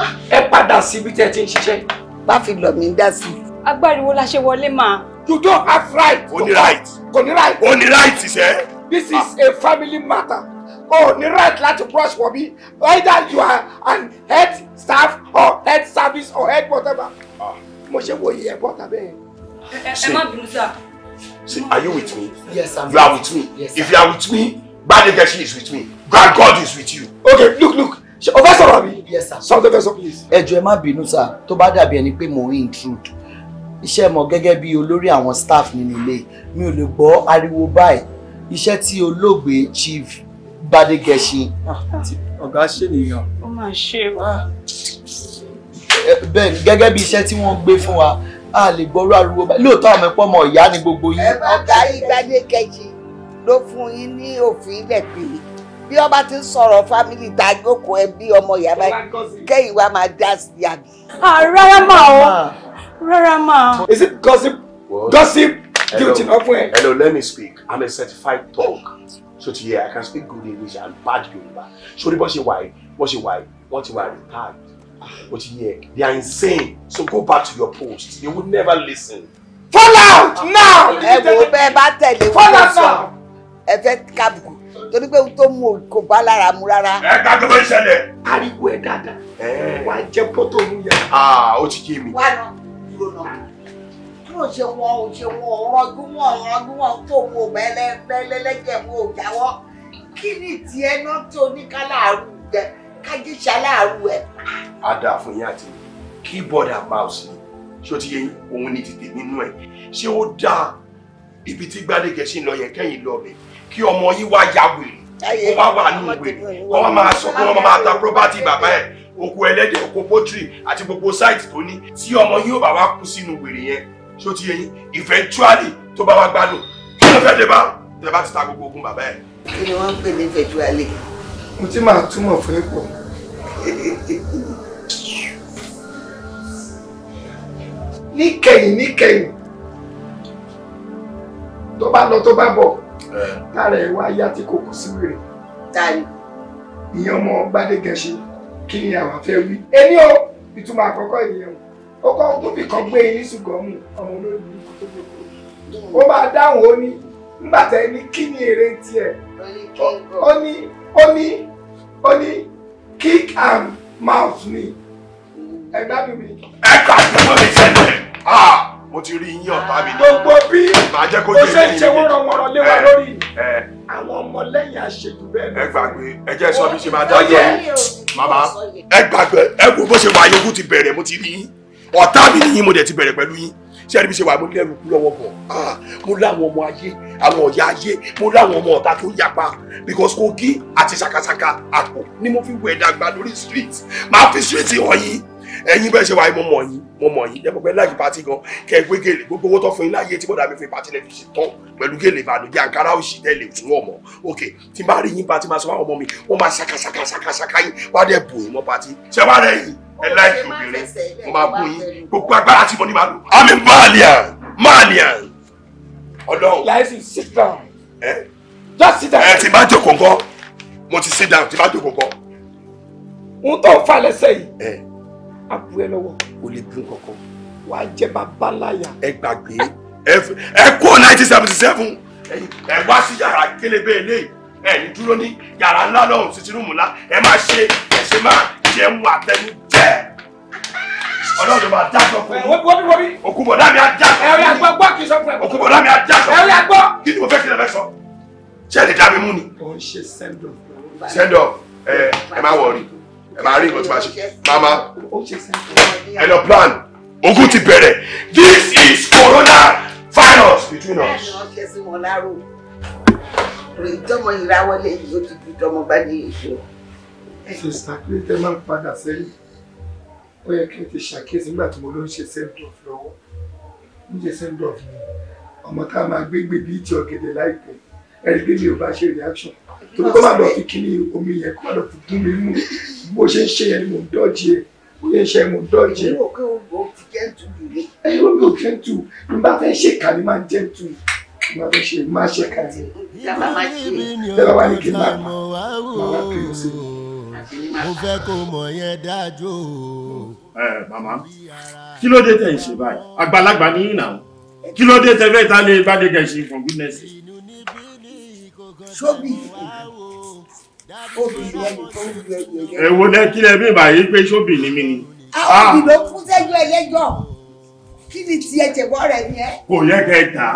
ah, ẹ padà síbi tẹ́ ẹ ti ń ṣiṣẹ́. bá fi lọ mi dá sí. agbáriwo la ṣe wọlé máa. you don't have right. o ní right. kò ní right. o ní right sẹ́. this is ah. a family matter. o oh, ní right láti brush for me either you are an head staff or head service or head whatever mo ṣe wọ yìí ẹ̀bọ́ tàbẹ́ yẹn. ẹ má bínú sá. are you with me. yes i'm you. are with me. yes if you are with me gbadegeshi is with me God, god is with you. okay look look o fẹ́ sọ̀rọ̀ mi. yes sir. something fẹ́ sọ please. Ejo jọ̀ọ́ ẹ má bínú sá tó bá dàbí ẹni mo intrude iṣẹ́ mọ̀ gẹ́gẹ́ bí olórí àwọn staff ni ilé mi ò lè gbọ́ ariwo báyìí iṣẹ́ tí olóògbé chief Badegeshi. ọ̀gá ṣènìyàn. ó mà ṣe wá bẹ́ẹ̀ gẹ́gẹ́ bí iṣẹ́ tí wọ́n gbé fún wa a lè gbọ́rọ̀ ariwo báyìí lóòótọ́ àwọn ẹ̀pọ̀ ọmọ ìyá ni gbogbo yín. ẹ bá ta ìgbàdé kejì ló fún yín ní òfin ilẹ̀ pè é bí ọba ti ń sọ̀rọ̀ fámìlì tá a jókòó ẹbí ọmọ ìyá báyìí kẹ́yìn wa máa dá sí i àbí. rárá mà o rárá mà. is it gossip What? gossip guilty of where. hello let me speak i'm a certified talk so to hear i can speak good english and bad Yoruba. so ní bó ṣe wà yìí bó ṣe wà yìí wọ́n ti wà retired But yeah, they are insane. So go back to your post. They would never listen. Fall out ah, now! Ah, ah, ẹ wo bẹ́ẹ̀ bá tẹ̀lé wọn lọ sọ. Ẹ fẹ́ kábùkù. Torí pé ohun tó mú kò bá lára mu rárá. Ẹ gbàgbé bó ṣẹlẹ̀. Ariwo ẹ̀ dáadáa. Eh. Wà á jẹ́ pọ́tò òun yà. Aa o ti yé mi. Wà á nà dúró nà. Dúró ni tiẹ̀ náà tó kájí ṣaláàrú ẹ. a dáa fún yín àti keyboard mouse ni ṣé o ti yẹ yín òun ni tètè nínú ẹ ṣé ó dáa ibi tí gbadege ṣì ń lọ yẹn kẹ́yìn lọ mi kí ọmọ yín wá ya wèrè ó bá wà nínú wèrè wọ́n máa sọ pé wọ́n máa ta property bàbá ẹ̀ oko ẹlẹ́dẹ̀ oko poultry àti gbogbo site tó ní tí ọmọ yín ò bá wá kú sínú wèrè yẹn ṣé o ti yẹ yín eventually tó bá wá gbádùn kí ló fẹ́ dé bá tẹ bá ti ta gbogbo ogun bàbá ẹ̀. kí ni wọ́n ń pè ní eventually. mo ti máa túmọ̀ fún ipò. níkẹyìn níkẹyìn tó bá lọ tó bá bọ̀ tára ẹ̀ wá yá tí kò sí wèrè. táyì. ìyẹn ọmọ gbadegẹṣin kí ni àwa fẹ́ wí. èmi o o ó kọ́ gómìn kan gbé yín ṣùgbọ́n ọmọ olóògbé ó máa dáhùn ó ní kí ni èrè tiẹ̀ ó ní ó ó ní kick and mouth ni ẹ gbádùn mi. ẹ kà sí mo lè ṣẹlẹ̀ ah! mo ti rí yín ọ̀tá mi ní. gbogbo bí o ṣe ń ṣe wọ́rọ̀wọ́rọ̀ lé wa lórí àwọn ọmọlẹ́yìn àṣejù bẹ́ẹ̀. ẹ gbàgbé ẹ jẹ́ sọ bí ṣe máa dájọ́ yìí màmá ẹ gbàgbé ẹ wo bó ṣe wà yókù ti bẹ̀rẹ̀ mo ti rí yín ọ̀tá mi nìyí mo dẹ̀ ti bẹ̀rẹ̀ pẹ̀lú yín ṣé ẹni bí ṣe wà mo lẹ́rù kú lọ́wọ́ bọ̀ ah, mo láwọn ọmọ ayé àwọn ọ̀yà ayé mo láwọn ọmọ ọ̀tá tó yapa because kogi àti ṣàkàṣàkà àpò ni mo fi wẹ̀ dàgbà lórí street máa fi street hàn yìí ẹ̀yin bẹ́ẹ̀ ṣe wà mo mọ̀ yín mo mọ̀ yín dẹ́pọ̀ pẹ́ láyé pati gan kẹ́ ẹ gbé gèlè gbogbo owó tó fún yín láyé tí bọ́dà mi fún yín pati lẹ́ fi ṣe tán pẹ̀lú gèlè ìbànújẹ́ àǹkárá òṣì tẹ́lẹ̀ fún ọmọ ok tí n bá rí yín pati máa sọ fún àwọn ọmọ mi wọ́n máa ṣàkàṣàkàṣàkàṣàkà yín wá dẹ̀ bò yín mọ́ pati ṣẹ́ wá rẹ̀ yìí ẹ láìsí obìnrin mo máa gún yín gbogbo agbára tí mo ní máa lò. àmì malian malian ọlọ́run. láìsí sit down. ẹ just sit down. ẹ ti bá jókòó nǹkan mo ti sit down ti bá jókòó nǹkan. ohun tó ń fa lẹ́sẹ̀ yìí abu ẹ lọ́wọ́ o lè bú kankan wà á jẹ bàbá láyà. ẹ gbàgbé ẹ kó nineteen seventy seven ẹ wá sí yàrá kélébé eléyìí ẹ ní dúró ní yàrá ńlá lọ́hùn sí tinúmù ńlá ẹ máa ṣe ẹ ṣe máa jẹ́ mu àtẹnu jẹ́ ọlọ́run máa dájọ́ fún mi. wọ́bí wọ́bí. òkúbọ̀dá mi á dájọ́. ẹ̀rí àgbọ̀ gbọ́ kì í sọ fún ẹ. òkúbọ̀dá mi á dájọ́. ẹ̀rí àgbọ̀. kí ni mo fẹ́ kí lè fẹ́ sọ. ṣé ẹ lè dá mi mú ni. ó ń ṣe send off. send off ẹ ẹ máa wọrí ẹ máa rí nǹkan tí máa ṣe mama ẹ lọ plan ogun ti bẹ̀rẹ̀ this is corona virus between us. ìjọmọ ìrawọlé yìí ó ti di ìjọmọ bá ní èso sista kí tẹ máa ń padà sẹ́yìn ó yẹ kí n ti ṣàkíyèsí nígbà tí mo ló ń ṣe send-off lọ́wọ́ ń ṣe send-off ni ọmọ tá a máa gbé gbé bí ìtì ọ̀gẹ̀dẹ̀ láìpẹ́ ẹni gbé mi ò bá ṣe reaction tó kọ́ máa lọ fi kíní omi yẹn kó máa lọ fi gún mi mú bó ṣe ń ṣe yẹn ni mò ń dọ́jì ẹ bó ṣe ń ṣe yẹn mò ń dọ́jì ẹ. ìwọ pé o ò fi jẹ́ǹtù lù mí. ẹ yóò mi ò jẹ́ǹtù n bá fẹ́ ṣe kà ní máa ń jẹ́ǹtù n bá fẹ́ ṣe máa ṣe kà ní. ìjàmbá máa ṣe é. ìjàmbá máa ní kí n máa máa wá pè é sí i mo fẹ́ kó mọ̀ yẹn dájú o. ẹ màmá kí ló dé tẹ̀ ń ṣe báyìí àgbàlagbà ní ìnà o kí ló dé tẹ̀fẹ́ ta lè bá dégẹ̀ ṣe for goodness. sóbì obì ẹni tó ń lu ẹyẹ yẹn. ẹ wo lẹ kí lẹ bí báyìí pé sóbì ni mí ni. àwọn òbí ah! ló kún sẹ́jọ́ ẹyẹ jọ kí ni ti ẹ̀jẹ̀ bọ́ rẹ̀ ni ẹ́. kò yẹ kẹ́ ẹ tà á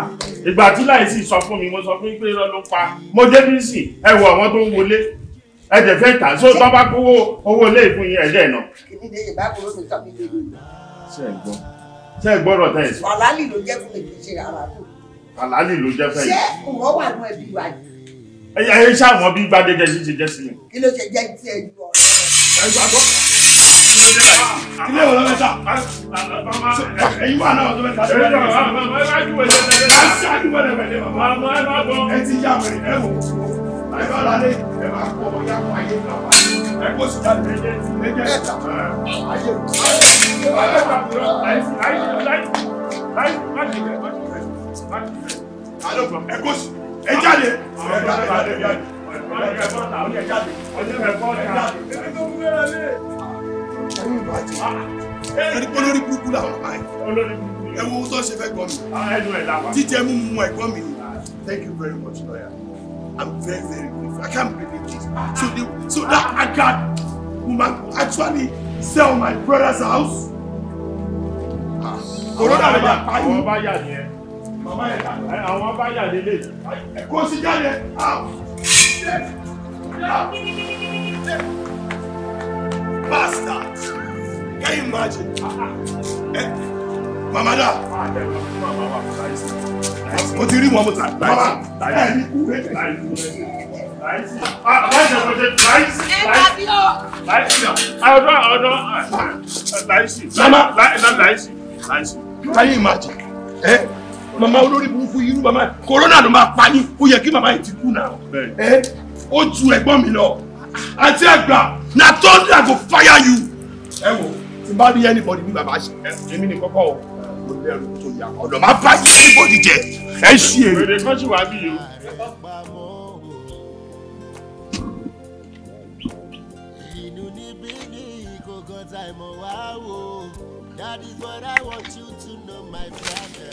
ìgbà tí láì sì sọ fún mi mo sọ fún yín pé irọ́ ló pa mo débí sí ẹ wọ àwọn tó ń wọlé ẹ̀jẹ̀ fẹ́ tà só tọ́ bá kówó owó ilé ìfún yín ẹ̀jẹ̀ náà. kìnìún ìbá kúrò mi tọ́ mi lé mi. ṣé ẹ gbọ́ ṣé ẹ gbọ́dọ̀ tẹ̀ sí. àlálì ló jẹ́ fún mi kì í ṣe ara tó. àlálì ló jẹ́ fẹ́ yìí. ṣé ìwọ wà nù ẹbí wa yìí. ẹ ẹ ṣé àwọn bí gbàdégẹ yìí ṣe jẹ́ sí mi. kí ló ṣe jẹ́ tí ẹ ju ọ̀rọ̀ ẹ ti yá wẹ̀rẹ̀ ẹ wò ó àìbá lálẹ́ ẹ máa kó ọmọ yá wáyé náà wáyé ẹ kó sí láti ẹjẹ ẹjẹ ayé ayé kàkúrọ láìsí láìsí láìsí láìsí láti ilẹ̀ láti ilẹ̀ láti ilẹ̀ alẹ́ òkú ẹ kó sí ẹ jáde ẹ jáde ẹ jáde ẹ jáde ẹ jáde ẹyin ìlú àti ẹni pé olórí burúkú làwọn ọmọ yìí ẹ wo tó ṣe fẹ́ gbọ́ mi jíjẹ mímu ẹ̀gbọ́n mi ni Thank you very much lawyer. I'm very, very grateful. I can't believe this. So, the, so that Agag woman actually sell my brother's house. Ah, Corona lè máa pa yìí. Àwọn bá yà ni ẹ. Màmá yẹn ká. Àwọn bá yà lélẹ̀. Ẹ̀kọ́ sí jáde. Bastard! Can you imagine? Eh, màmá dà. mo ti rí wọn mo ta. màmá Mama, ní ah, kú ẹ láyé ìmájì ẹ màmá olórí burúkú irú màmá kòrónà ló máa pa yín ó yẹ kí màmá yìí ti kú náà ẹ eh? ó ju ẹ̀gbọ́n mi lọ àti àgbà na thunder go fire you ẹ wò tí bá rí anybody ní bàbá ṣe èmi ní kọ́kọ́ o ọ̀dọ̀ máa bá yé ní bòdì jẹ ẹ ṣí èrè. èdè kan ṣì wá bí yìí o. that is what i want you to know my brother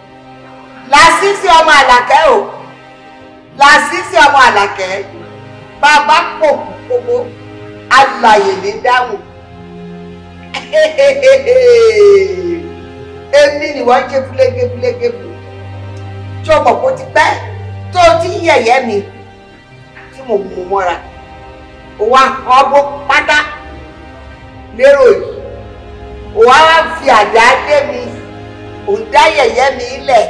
làásìsì ọmọ àlàkẹ́ o làásìsì ọmọ àlàkẹ́ bàbá pòkù kókó alàyè ní dáhùn èmi ni wọ́n ké fúlégéfúlégéfù tí o mọ̀ kó ti pẹ́ tó ti yẹ̀yẹ́ mi tí mo mú mọ́ra òun àkọ́bó pátá lérò yìí òun á fi àdá dé mi òun dá yẹ̀yẹ́ mi lẹ̀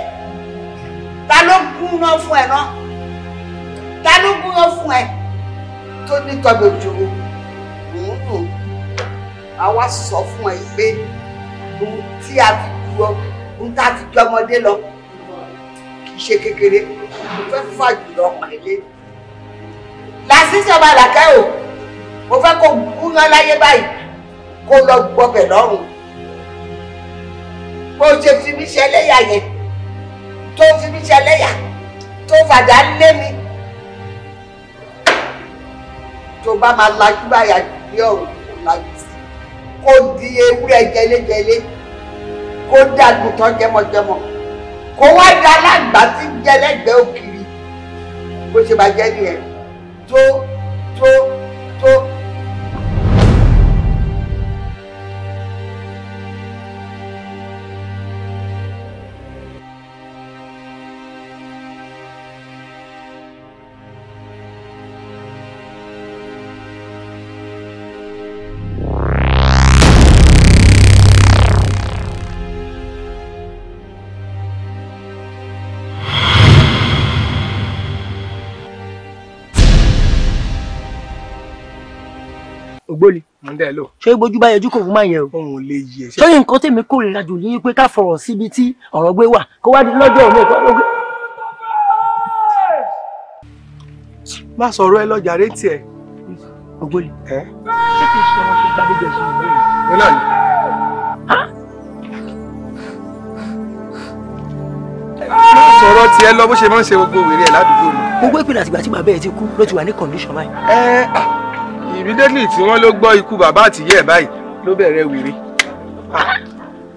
ta ló gúnná fún ẹ náà ta ló gúnná fún ẹ tó ní tọ́gbẹ̀ òjòrò òun dùn a wá sọ fún ẹ pé ohun tí a fi gbọ́ ohun tá a ti jọ ọmọdé lọ kì í ṣe kékeré mo fẹ́ fà jùlọ pàdé làṣìṣẹ́ ọba làkẹ́ o mo fẹ́ kó gúnná láyé báyìí kó lọ gbọ́bẹ̀ lọ́rùn bó ṣe fi mí ṣe ẹlẹ́yà yẹn tó fi mí ṣẹlẹ́yà tó fàjà lé mi tó bá máa lajú báyà ní ọ̀run kò lajú sí kó di ewúrẹ́ jẹlẹ́jẹlẹ́ kó dàgùtàn jẹmọjẹmọ kó wá da alágbá tí ń jẹ lẹ́gbẹ̀ẹ́ òkìrì bó ṣe máa jẹ́ nìyẹn tó tó tó. ògbó ni. ṣé gbójú bá yẹjú kò fún máa yẹn o. òun lè yẹ. sórí nǹkan tèmi kórìíra jù ní pé ká fọ̀rọ̀ síbi tí ọ̀rọ̀ gbé wà kó wá di lọ́jọ́ mi. má sọ̀rọ̀ ẹ lọ́jà rẹ tiẹ̀. ògbóni. ṣé kí n ṣe ọmọ tó gbàgbé ẹ̀sùn ìlú yìí? sọ̀rọ̀ tiẹ̀ lọ bó ṣe máa ń ṣe gbogbo wèrè ẹ̀ ládùúgbò ni. gbogbo ìpìlẹ̀ àtìgbà tí màá bẹ́ẹ̀ ti kú ló ti wà ní kọ̀ǹdíṣọ̀n báyìí. ẹ ẹ ah, immediately tí wọ́n ló gbọ́ ikú bàbá àtìyẹ́ ẹ̀ báyìí ló bẹ̀rẹ̀ wèrè ah,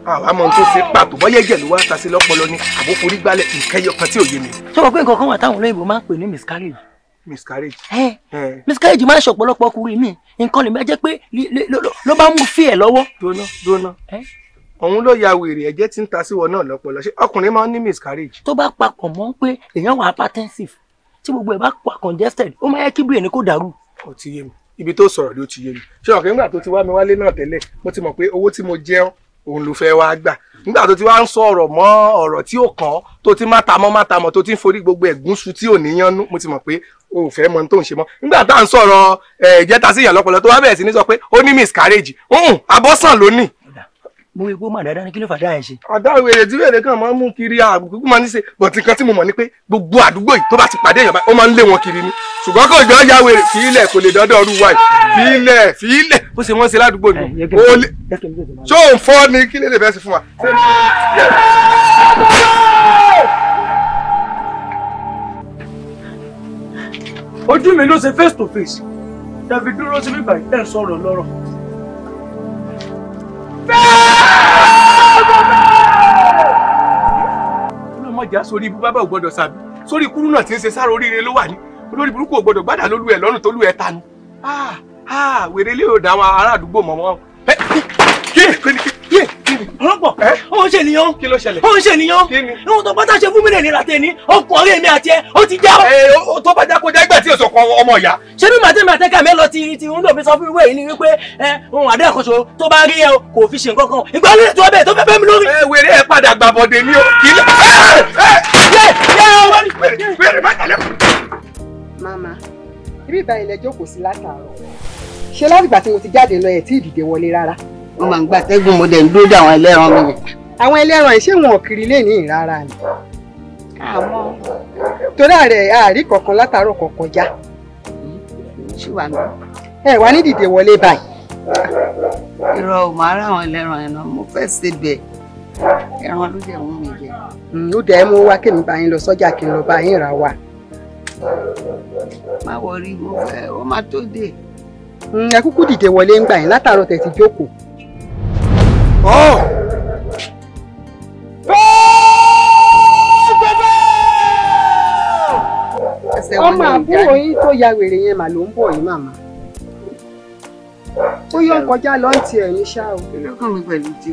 ah, àwa mọ tó ṣe pàtó bọ́yẹ̀ jẹ̀ ló wá ta sí lọ́pọlọ ni àbóforí gbálẹ̀ ìkẹyọ kan tí ò yé mi. ṣé o mọ̀ pé nǹkan kan wà táwọn olóyìnbó máa ń pè ní miscarriage. miscarriage. miscarriage máa ń ṣọ̀pọ̀lọpọ̀ ọkùnrin mi nǹkan lè máa jẹ́ pé ló bá mú fí ẹ̀ lọ́wọ́. dóná dóná òun ló ya wèrè ẹ̀jẹ̀ tí ń ta sí wọn náà lọ́pọlọ ṣé ọkùnrin máa ń ní miscarriage. tó bá papọ̀ mọ́ pé èèyàn wà hypertensive tí gbogbo ẹ̀ bá congested ó máa yẹ kí bíi ẹni kò dàrú. ó ti yé mi ibi tó sọ̀rọ̀ ló ti yé mi ṣé ọ̀kẹ́ nígbà tó ti wá mi wálé náà tẹ́lẹ̀ mo ti mọ̀ pé owó tí mo jẹun òun ló fẹ́ wá gbà nígbà tó ti wá ń sọ ọ̀rọ̀ mọ́ ọ̀rọ̀ tí ò kàn tó ti má tamọ́ má tamọ́ tó ti ń forí gbogbo ẹ̀gúnṣu tí ò níyànnú mo ti mọ̀ pé o ò fẹ́ mọ ohun tó ń ṣe mọ́ nígbà tá à ń sọ̀rọ̀ ìjẹta sí ìyàn lọ́pọlọ tó wá bẹ̀rẹ̀ sí ní sọ pé ó ní miscarriage abọ́sàn lónìí mo rí pé ó mà dáadáa ní kí ló fà dáa yẹn ṣe. àdáwò èrè tí bèrè kan máa ń mú kiri àgùkù máa ń ṣe bọ̀tí kan tí mo mọ̀ ni pé gbogbo àdúgbò yìí tó bá ti pàdé èèyàn báyìí ó máa ń lé wọn kiri ni ṣùgbọ́n kò gbọ́ ya wèrè fílẹ̀ kò lè dọ́dọ̀ ọdún yìí fílẹ̀ fílẹ̀ bó ṣe wọ́n ṣe ládùúgbò ni ṣó ń fọ́ ni kí lè fẹ́ sí fún wa. ojú mi ló ṣe face to face tàbí dúró síbí báyìí tẹ̀ ń sọ̀rọ̀ lọ́rọ̀ ọlọ́mọ ìjà sórí ibú bábà ò gbọ́dọ̀ sàbí sórí ikú náà ti ń ṣe sára oríire ló wà ní olórí burúkú ò gbádà lólu ẹ̀ lọ́rùn tólú ẹ̀ ta ni ah, ah, wèrè ilé dá àwọn ará àdúgbò mọ̀ wọ́n ọlọ́pọ̀ ó ń ṣe nìyàn kí ló ṣẹlẹ̀ ó ń ṣe nìyàn kí ni ìwọ̀n tó bá tá ṣe fún mi lè nira tẹ̀ ní ọkọ̀ ọ̀rẹ́ mi àti ẹ ó ti já. ẹ tó bá já kó já ẹgbẹ́ tí èso kan ọmọ ìyá. ṣé bí màtí màtí kàmí lọ ti ti ń lò fi sọ fún ìwé yìí ni wípé ohun àdé àkóso tó bá rí ẹ kò fi ṣe nǹkan kan ìgbà lóye tó bẹ̀ tó fẹ́ fẹ́ mi lórí. ẹ wèrè ẹ padà gbàbọ̀dé ni ó kì í wọ́n máa ń gba atẹ́gùn mo dẹ̀ ń dúró dé àwọn ẹlẹ́ran mi. àwọn ẹlẹ́ran ìṣe wọn kiri lè ní ìrara ni. àmọ́. torí ààrẹ àárí kọ̀ọ̀kan látàárọ̀ kọ̀ọ̀kan já. ẹ wá ní dìde wọlé báyìí. irọ́ ò máa rà àwọn ẹlẹ́ran ẹ̀ náà mo fẹ́ ṣe bẹ̀ ẹran ló dẹ̀ wọ́n mi jẹ. Hmm, ó dẹ̀ mú wá kémi bá yín lọ sọ́jà kí n lọ bá yín rà wá. má wọrí mo fẹ́ hmm, ẹ kúkú dìde wọlé ń gbà yín látàárọ̀ tẹ̀ jókòó. Oh! oh ọmọ àbúrò yín tó ya wèrè yẹn mà ló ń bọ̀ yín màmá ó yọ kọjá lọ́ǹtì ẹ̀ ní ṣá o. èmi kàn mí pẹ̀lú tí.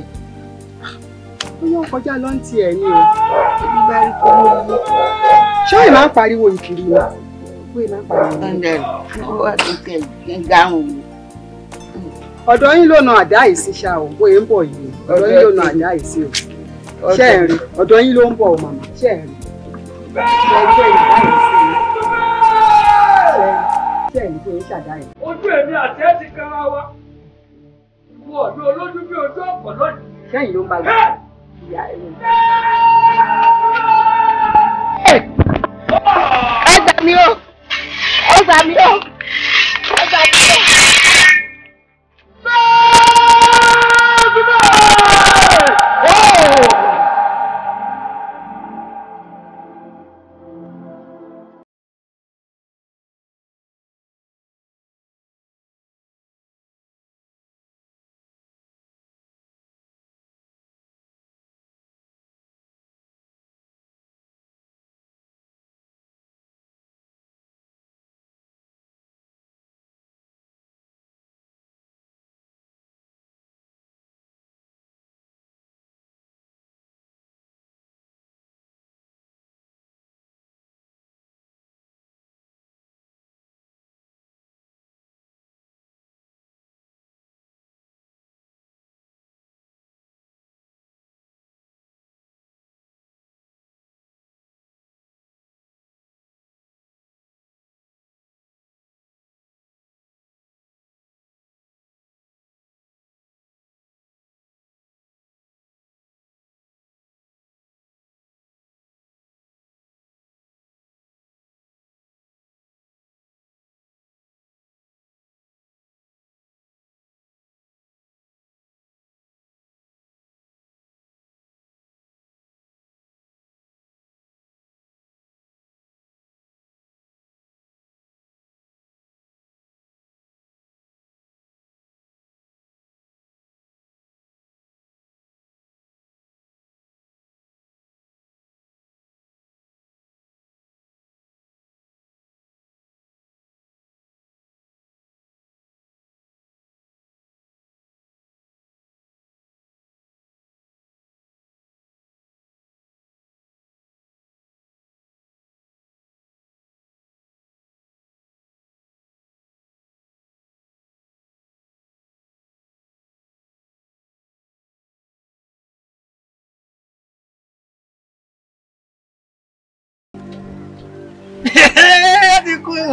ó yọ kọjá lọ́ǹtì ẹ̀ ní o. èmi bá rí kó mú ilé. ṣé ìmọ̀ ń pariwo ìkiri ni? ṣé ìmọ̀ ń pariwo ìkiri ni? ọ̀ndẹ̀rì kí wọ́n tẹ̀ gíga òun ọ̀dọ̀ yín ló na àdá yìí sí ṣá o bóyá ń bọ̀ yìí ọ̀dọ̀ yín ló na àdá yìí sí o ṣé ẹ̀ rí ọ̀dọ̀ yín ló ń bọ̀ màmá ṣé ẹ̀ rí ọjọ́ ìdá yìí sí i ṣé ẹ̀ rí pé ń ṣàdá yìí. ojú èmi àti ẹ ti kanra wa ìwọ ọ̀dọ̀ olójú bí ojú ọ̀pọ̀ lónìí. sẹ́yìn ló ń bá lọ ah! ẹ gbà mí o ẹ gbà mí o ẹ gbà mí o.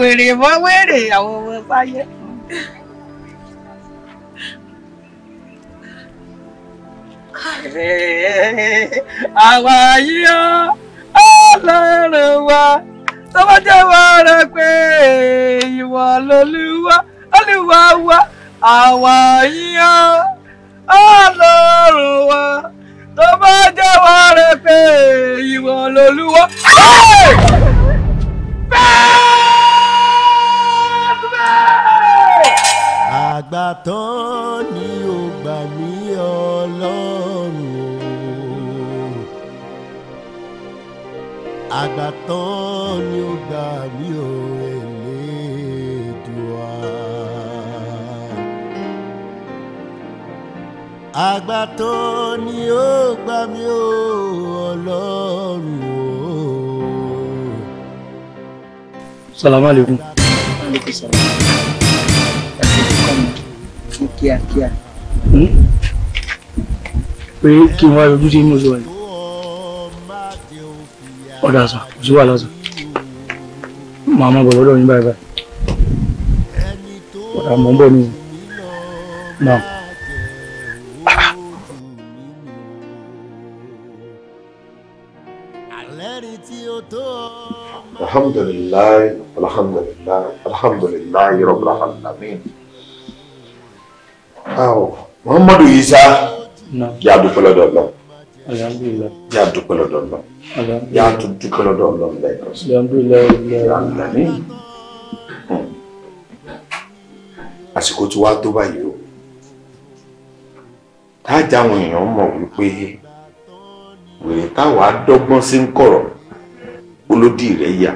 wèrè mọ́ wèrè àwọn ọmọ báyé. àwa yíyọ ọlọ́run wa tó bá jẹ́ wọ́n rẹ pé ìwọ lolúwa olúwa wa àwa yíyọ ọlọ́run wa tó bá rẹ pé ìwọ lolúwa àgbà tán ni ó gbà mí ọlọ́run àgbà tán ni ó gbà mí o Ẹlẹ́dùà àgbà ni ó gbà mí o ọlọ́run. salamaleykum ló hmm? pé kí n wá ojú tí mo sọ yìí ọ̀dà sàn kò sí wàhálà sàn máa bọ̀ yín báyìí báyìí ọ̀dà mọ̀ ń bọ̀ nìyí náà. alhamdulilayi alhamdulilayi alhamdulilayi rabbil alamin. awọ muhammadu isa yà á dúpẹ́ lọ́dọ̀ lọ yà á dúpẹ́ lọ́dọ̀ lọ yà á tún dúpẹ́ lọ́dọ̀ lọ lẹ́yìn. àsìkò tí wàá tó báyìí o tájà àwọn èèyàn mọ̀ wípé wèrè táwa dọ́gbọ́n sí ń kọ̀rọ̀ olódì rẹ̀ yà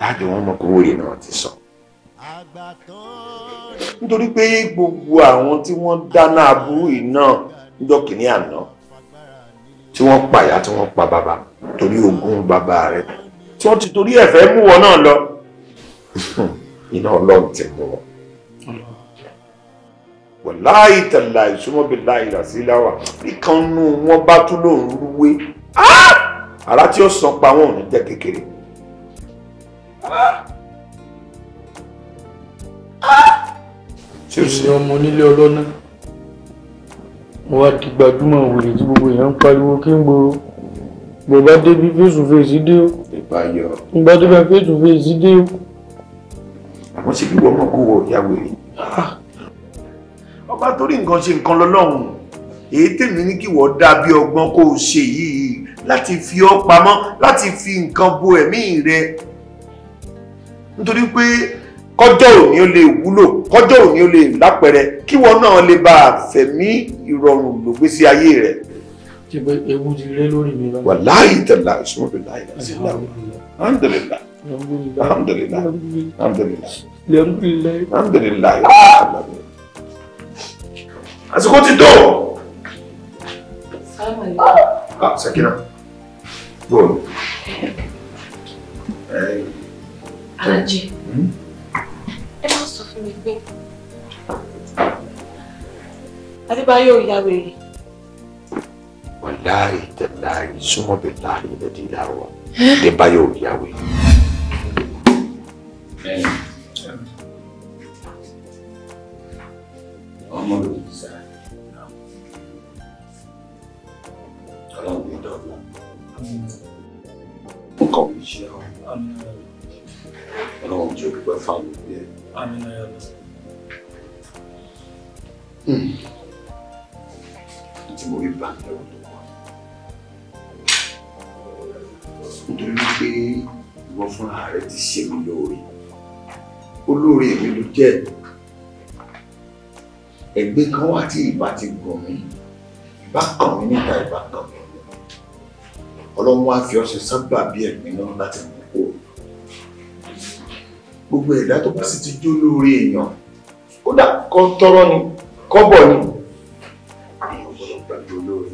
láàjọ wọn mọ̀kúrò yìí náà ti sọ. nítorí pé gbogbo àwọn tí wọ́n dáná aburú yìí náà níjọ́ kìíní àná tí wọ́n pàyà tí wọ́n pa bàbá torí ogún bàbá rẹ̀ tí wọ́n ti torí ẹ̀fẹ́ mú wọn náà lọ iná ọlọ́run ti mú wọn. wàláì tàlà ìsúnmọ́bí láì rà sí láwà bí kan nú bá tún lòún rúwé. Ah! ara tí ó san pa wọn ò ní jẹ́ kékeré. ṣèṣe ọmọ onílé ọlọ́nà mo wá di gbajúmọ̀ wèrè tí gbogbo èèyàn ń pariwo kí n gbòòrò bó bá débi fèsù fèsì dé o ìbáyọ n bá débi fèsù fèsì dé o. àmọ́ ṣé kí wọ́n mọ̀ kó wọ ìyá wèrè. Ah! ọba torí nǹkan ṣe nǹkan lọ́lọ́run èyí tèmi ní kí wọ́n dá bí ọgbọ́n kó o ṣe yìí láti fi ọ́ pamọ́ láti fi nǹkan bo ẹ̀mí rẹ nítorí pé kọjọ́ òní ó lè wúlò kọjọ́ òní ó lè lápẹẹrẹ kíwọ náà lè bá fẹ̀mí ìrọ̀rùn lògbésí ayé rẹ. ṣe pé ewu ti ré lórí mi lọ. wàláhì tẹ̀lá ìṣúná bí láì láì sí láwọn alhamdulilayi alhamdulilayi alhamdulilayi alhamdulilayi àsìkò ti tó. Ah, Sakina. Bom. É. Alájí. Ẹ má sọ fún mi pé. Adébáyọ̀ ìyá wèrè. Wàláì tẹ̀láì súnmọ́ bẹ̀ láàrin ilẹ̀ di ìlàrọ̀. Yahweh. ìyá Ọmọ ló ń sá. Ọlọ́run ní dọ́gba wọn kàn fi ṣe àwọn ọlọ́run jẹ́ òdùpẹ́ fáwọn òbí ẹ̀. tí mo rí bá ń lẹ́wọ̀n tó wà nítorí wípé ìwọ fúnra rẹ ti ṣe mí lóore olóore mi ló jẹ́ ẹgbẹ́ kan wà tí ìbá ti gùn mí ìbá kàn mí níta ìbá kàn mí ọlọ́run wá fi ọṣẹ sábà bí ẹ̀mí náà láti mú kó gbogbo ẹ̀dá tó bá sì ti jó lórí èèyàn kódà kọ́ tọrọ ni kọ́ bọ̀ ni èèyàn gbọ́dọ̀ gbàgbé olóore.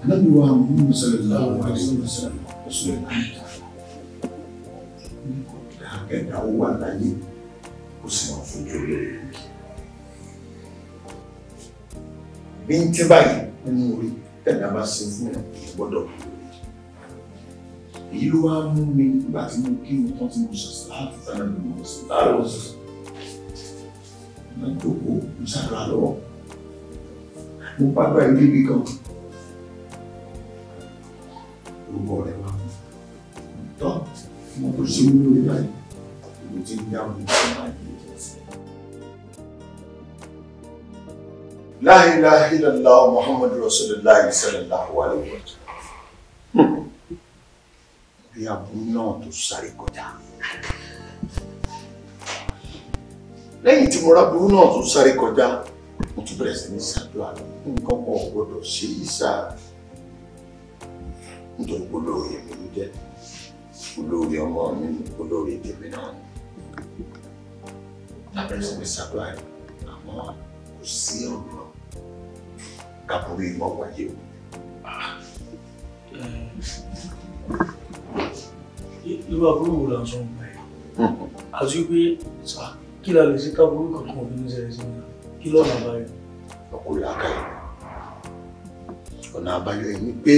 Ànábì wa Muhammad sallallahu alaihi wa sallam ọ̀sùn ẹ̀dá ẹ̀dá ó wà láyé kó sì wọ́n fún jó lóore. Bí ń tí báyìí nínú orí tẹ̀dá bá ṣe fún ẹ̀ gbọ́dọ̀ èyí ló wá mú mi nígbà tí mo kí ohun kan tí mo ṣe láti sára ní mo sì láàrọ̀ ọ̀sẹ̀ lọ́jọ́kó mo ṣàdúrà lọ́wọ́ mo pàgbà ilé mi kan orúkọ rẹ̀ wá tọ́ mo tó ṣe mú lórí báyìí mo ti ń dáhùn ní báyìí. la ilaha illallah muhammadu rasulillah sallallahu alaihi wa sallam bí hmm. aburú náà tó sáré kọjá lẹ́yìn tí mo ra burú náà tó sáré kọjá mo tún bẹ̀rẹ̀ sí ní ṣàdúrà nǹkan kan ò gbọdọ̀ ṣe ìṣà nítorí olóore mi ló jẹ́ olóore ọmọ mi olóore tèmi náà ni lábẹ́rẹ́ àmọ́ kò sí ọ̀nà kàbúrú ìmọ wáyé o. Ah. Eh, irú àbúrò wo la ń sọ nípa ẹ àti pé kí la lè ṣe kábúrú kankan òfin ṣẹlẹ̀ sí mi kí lọ́nà àbáyọ. ọkùnrin àkàyè ọ̀nà àbáyọ yìí ni pé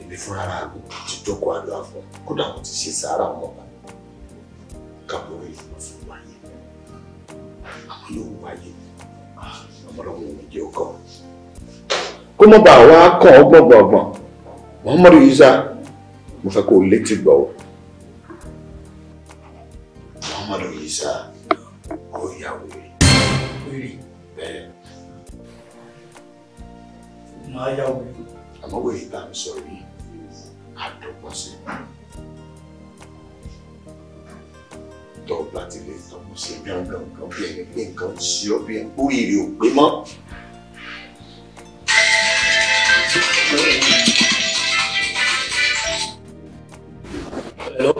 èmi fúnra ara mi ti jókòó àdúrà fún kódà mo ti ṣe sàárà ọmọba kàbúrú ìmọ fún wáyé àwọn yóò wáyé ọmọlọmọ mi kó mọ̀ bá wa kàn ọ́ gbọ̀ngbọ̀ngbọ̀n Muhammadu Isa mo fẹ́ kó o létí gbọ́ o Muhammadu Isa ó yà wèrè wèrè bẹ́ẹ̀. máa yà wèrè. àmọ́ wèrè bá mi sọ rí àdọ́gbọ́n sí i. tọ́ láti lè tọ́ mo ṣe bí ọ̀gá bí nǹkan ṣe ọ́ bí oríire ò pé mọ́. Hello.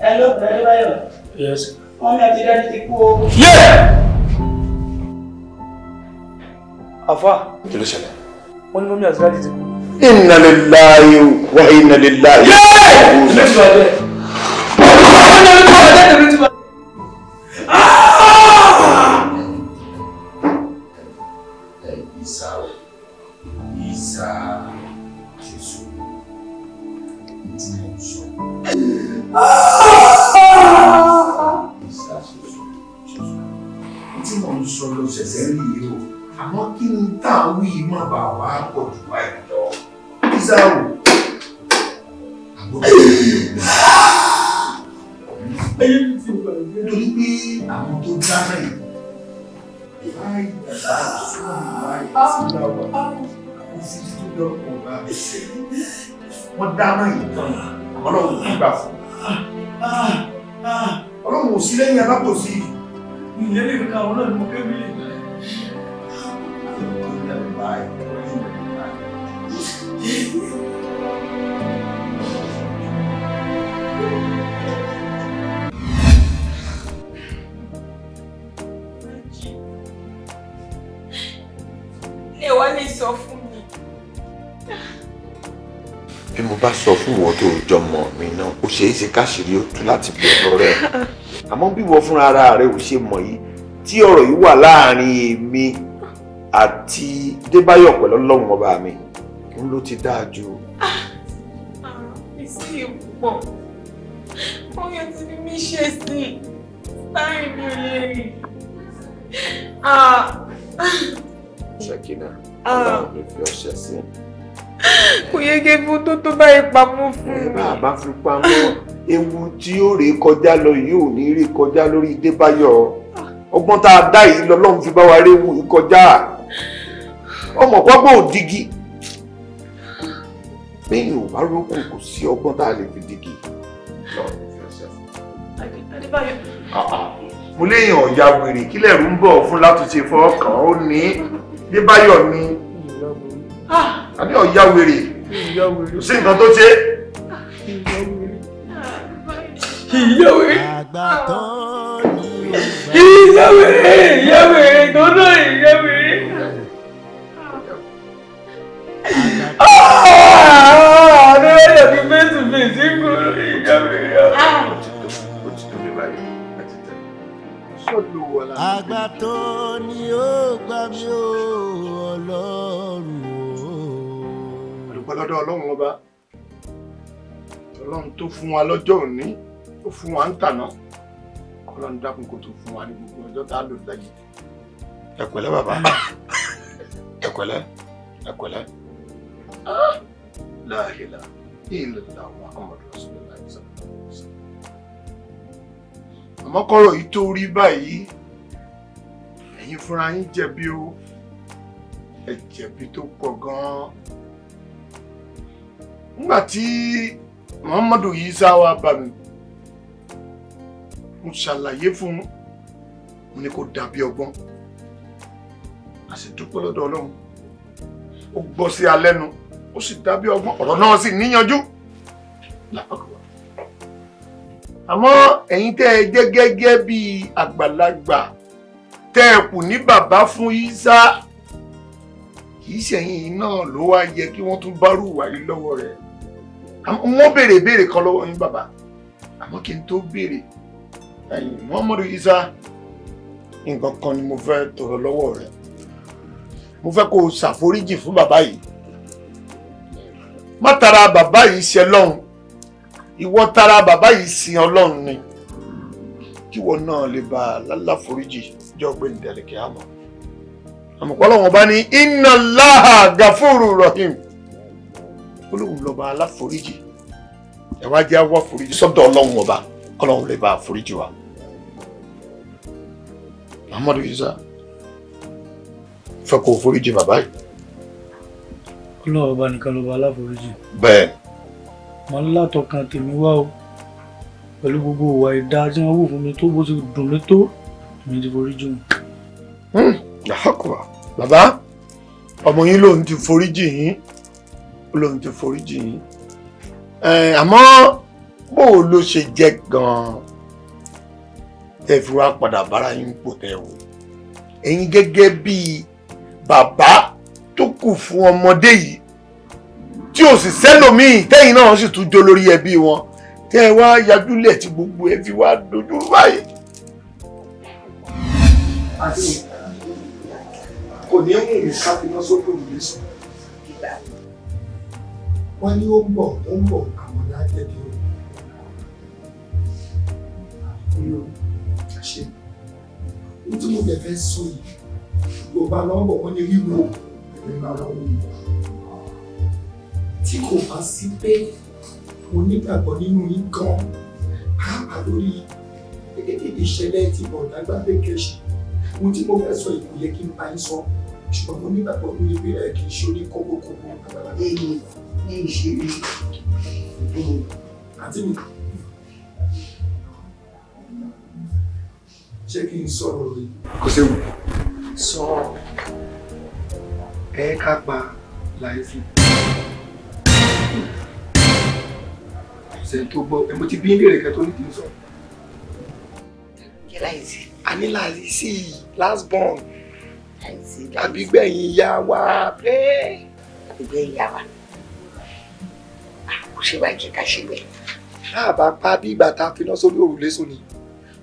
Hello, Brother Bayo. Yes. Mommy àti dájú ti kú o. Yé! Àfà. Kí ló ṣẹlẹ̀? Wọ́n ní mọ́mí àti dájú ti Inna lillahi wa inna lillahi. Yé! Ilé ìtura bẹ́ẹ̀. Wọ́n ní mọ́mí àti dájú ti kú. saa Jésù nti mo sọ. Tí mo ń sọ lọ ṣẹ̀ṣẹ̀ rí yìí o, àmọ́ kí n tà wí má bà wá pọ̀ jù wá ẹ̀ lọ. Bísà o, àbúrò mi ò lọ. Torí pé àwọn tó dáná yìí, láì dáná sóòrùn láì sí láwà títí tó yọ ọ̀pọ̀ bá wọ́n dáná ìtàn ọlọ́run gbígbà fún ọlọ́run ò sí lẹ́yìn alábòsí ìyẹn lè fi ka àwọn náà ni mo ké mi. Lè sọ fún bí mo bá sọ fún ìwọ tó jọmọ mi náà ó ṣeé ṣe káṣírí ó tú láti bí ọ̀dọ̀ rẹ àmọ́ bí wọ́n fúnra ara rẹ ò ṣe mọ̀ yìí tí ọ̀rọ̀ yìí wà láàrin èmi àti Débáyọ̀ pẹ̀lú Ọlọ́run ọba mi òun ló ti dáa ju. ìsì pọ̀ oyè ti fi ṣe sí i mi ò lè rìn. Ah. Ṣèkínà ah. Ọlọ́run ló fi ọṣẹ sí i kò yẹ kí ewu tó tó bá yẹ pamọ́ fún mi. ẹ bá fi pamọ́ ewu tí ó rè kọjá lọ yìí ò ní rè kọjá lórí Adébáyọ̀ ọgbọ́n tá a dá yìí lọ́lọ́run fi bá wa réwu ìkọjá ọmọ pọ́gbọ́n òdigi bẹ́ẹ̀ ò bá rókò kò sí ọgbọ́n tá a lè fi digi. Adébáyọ̀. mo léèyàn ọ̀ya wèrè kílẹ̀ rú ń bọ̀ fún látúnṣe fọ́ ọkàn ó ní Adébáyọ̀ ni àbí ọ̀yá wèrè kò sí nǹkan tó ṣe. ìyá wèrè ìyá wèrè ìyá wèrè tó náà ìyá wèrè. ọ̀rọ̀ ẹ̀yà fi fẹ́sì fèsì kúrò ìyá wèrè. àgbà tó ni ó gbà mí ó ọlọ́ọ̀ dúpẹ́ lọ́dọ̀ ọlọ́run ọba ọlọ́run tó fún wa lọ́jọ́ òní ó fún wa ń tàná ọlọ́run dákun kó tó fún wa ní gbogbo ọjọ́ tá a lò láyé. ẹ pẹ̀lẹ́ bàbá ẹ pẹ̀lẹ́ ẹ pẹ̀lẹ́. láàhìlà ilẹ̀ làwọn akọ̀mọ̀dé ọ̀sán ní láì sọ. àmọ́ kọ́rọ̀ yìí tó rí báyìí ẹ̀yin fúnra yín jẹ̀bi o ẹ jẹ̀bi tó pọ̀ gan nígbà tí muhammadu yìí sá wa bá mi mo ṣàlàyé fún un ní kò dàbí ọgbọ́n a sì dúpẹ́ lọ́dọ̀ ọlọ́run ó gbọ́ sí alẹ́nu ó sì dàbí ọgbọ́n ọ̀rọ̀ náà sì níyanjú lápapọ̀ àmọ́ ẹ̀yin tẹ́ ẹ jẹ́ gẹ́gẹ́ bí àgbàlagbà tẹ́ ẹ kù ní bàbá fún Ìsá kì í ṣẹ̀yìn náà ló wá yẹ kí wọ́n tún bárù wáyé lọ́wọ́ rẹ̀ wọ́n béèrè béèrè kan lọ́wọ́ yín bàbá àmọ́ kí n tó béèrè Muhammadu Isa nǹkan kan ni mo fẹ́ tọrọ lọ́wọ́ rẹ mo fẹ́ kó o ṣàforíjì fún bàbá yìí má tara bàbá yìí ṣe lọ́hùn ìwọ tara bàbá yìí sin ọlọ́run ni kíwọ náà lè bá a lálàforíjì jọ pé nìdẹ̀lẹ̀kẹ́ àmọ́ àmọ́ bá ní inna Allaha gafuru rahim olóhùn lọ́ba aláforíjì ẹ wá jẹ́ àwọ̀ foríjì sọ́dọ̀ ọlọ́run ọba kọ́lọ́run lè bá àforíjì wa. Muhammadu Isa fẹ́ kó foríjì bàbá yìí. ọlọ́run ọba nìkan lọ́ba aláforíjì. bẹ́ẹ̀. mo ń látọkàn tèmi wá o pẹ̀lú gbogbo ìwà ìdá tí wọ́n wù fún mi tó bó ti dùn mí tó mi ti foríjì wọn. Hmm. làákùrà bàbá ọmọ yín lòun ti foríjì yín. Ọlọ́run ti foríjì yín àmọ́ bó o ló ṣe jẹ́ gan-an tẹ́ fi wá padà bára yín pò tẹ́ o ẹ̀yin gẹ́gẹ́ bíi bàbá tó kù fún ọmọdé yìí tí ò sì sẹ́lòmíì tẹ́yìn náà sì tún jó lórí ẹbí wọn tẹ́ wá yajúlẹ̀ tí gbogbo ẹ fi wá dojú báyìí. kò ní mú mi ká fi lọ sókè òrùlé sùn wọ́n ní ó ń bọ̀ ó ń bọ̀ àwọn lájẹ́ bí ó. Ìlú àṣẹ. Ní tí mo bẹ̀ fẹ́ sọ yìí, Yorùbá lọ́wọ́ bọ̀ wọ́n ní wíwo ẹ̀rẹ́ bá wà wọ́n yìí. Tí kò bá sí pé mo nígbàgbọ́ nínú yín gan, pàápàá lórí ìṣẹ̀lẹ̀ tí bọ̀dá gbàgbé kẹ̀ṣì. Ohun tí mo fẹ́ sọ yìí kò yẹ kí n bá yín sọ ṣùgbọ́n mo nígbàgbọ́ lórí pé kì í ṣe oníkókókó àgbàlagbà ní ìṣeré. Hmm. àǹtí mi ṣé kí n sọ̀rọ̀ rẹ̀. kò séwu. sọ ẹ ká pa láìsí. ṣèǹtò gbọ́ ẹ ti bí ilé rẹ̀ kẹ́ tó ní kí láìsí. a ní láìsí last born. láìsí láìsí. àbígbẹ̀yìn ìyá wa bẹ́ẹ̀. àbígbẹ̀yìn ìyá wa ṣe wá jẹ́ ká ṣe bẹ́ẹ̀. tá a bá pa bí ìgbà tá a finá sórí òrùlé sùn ni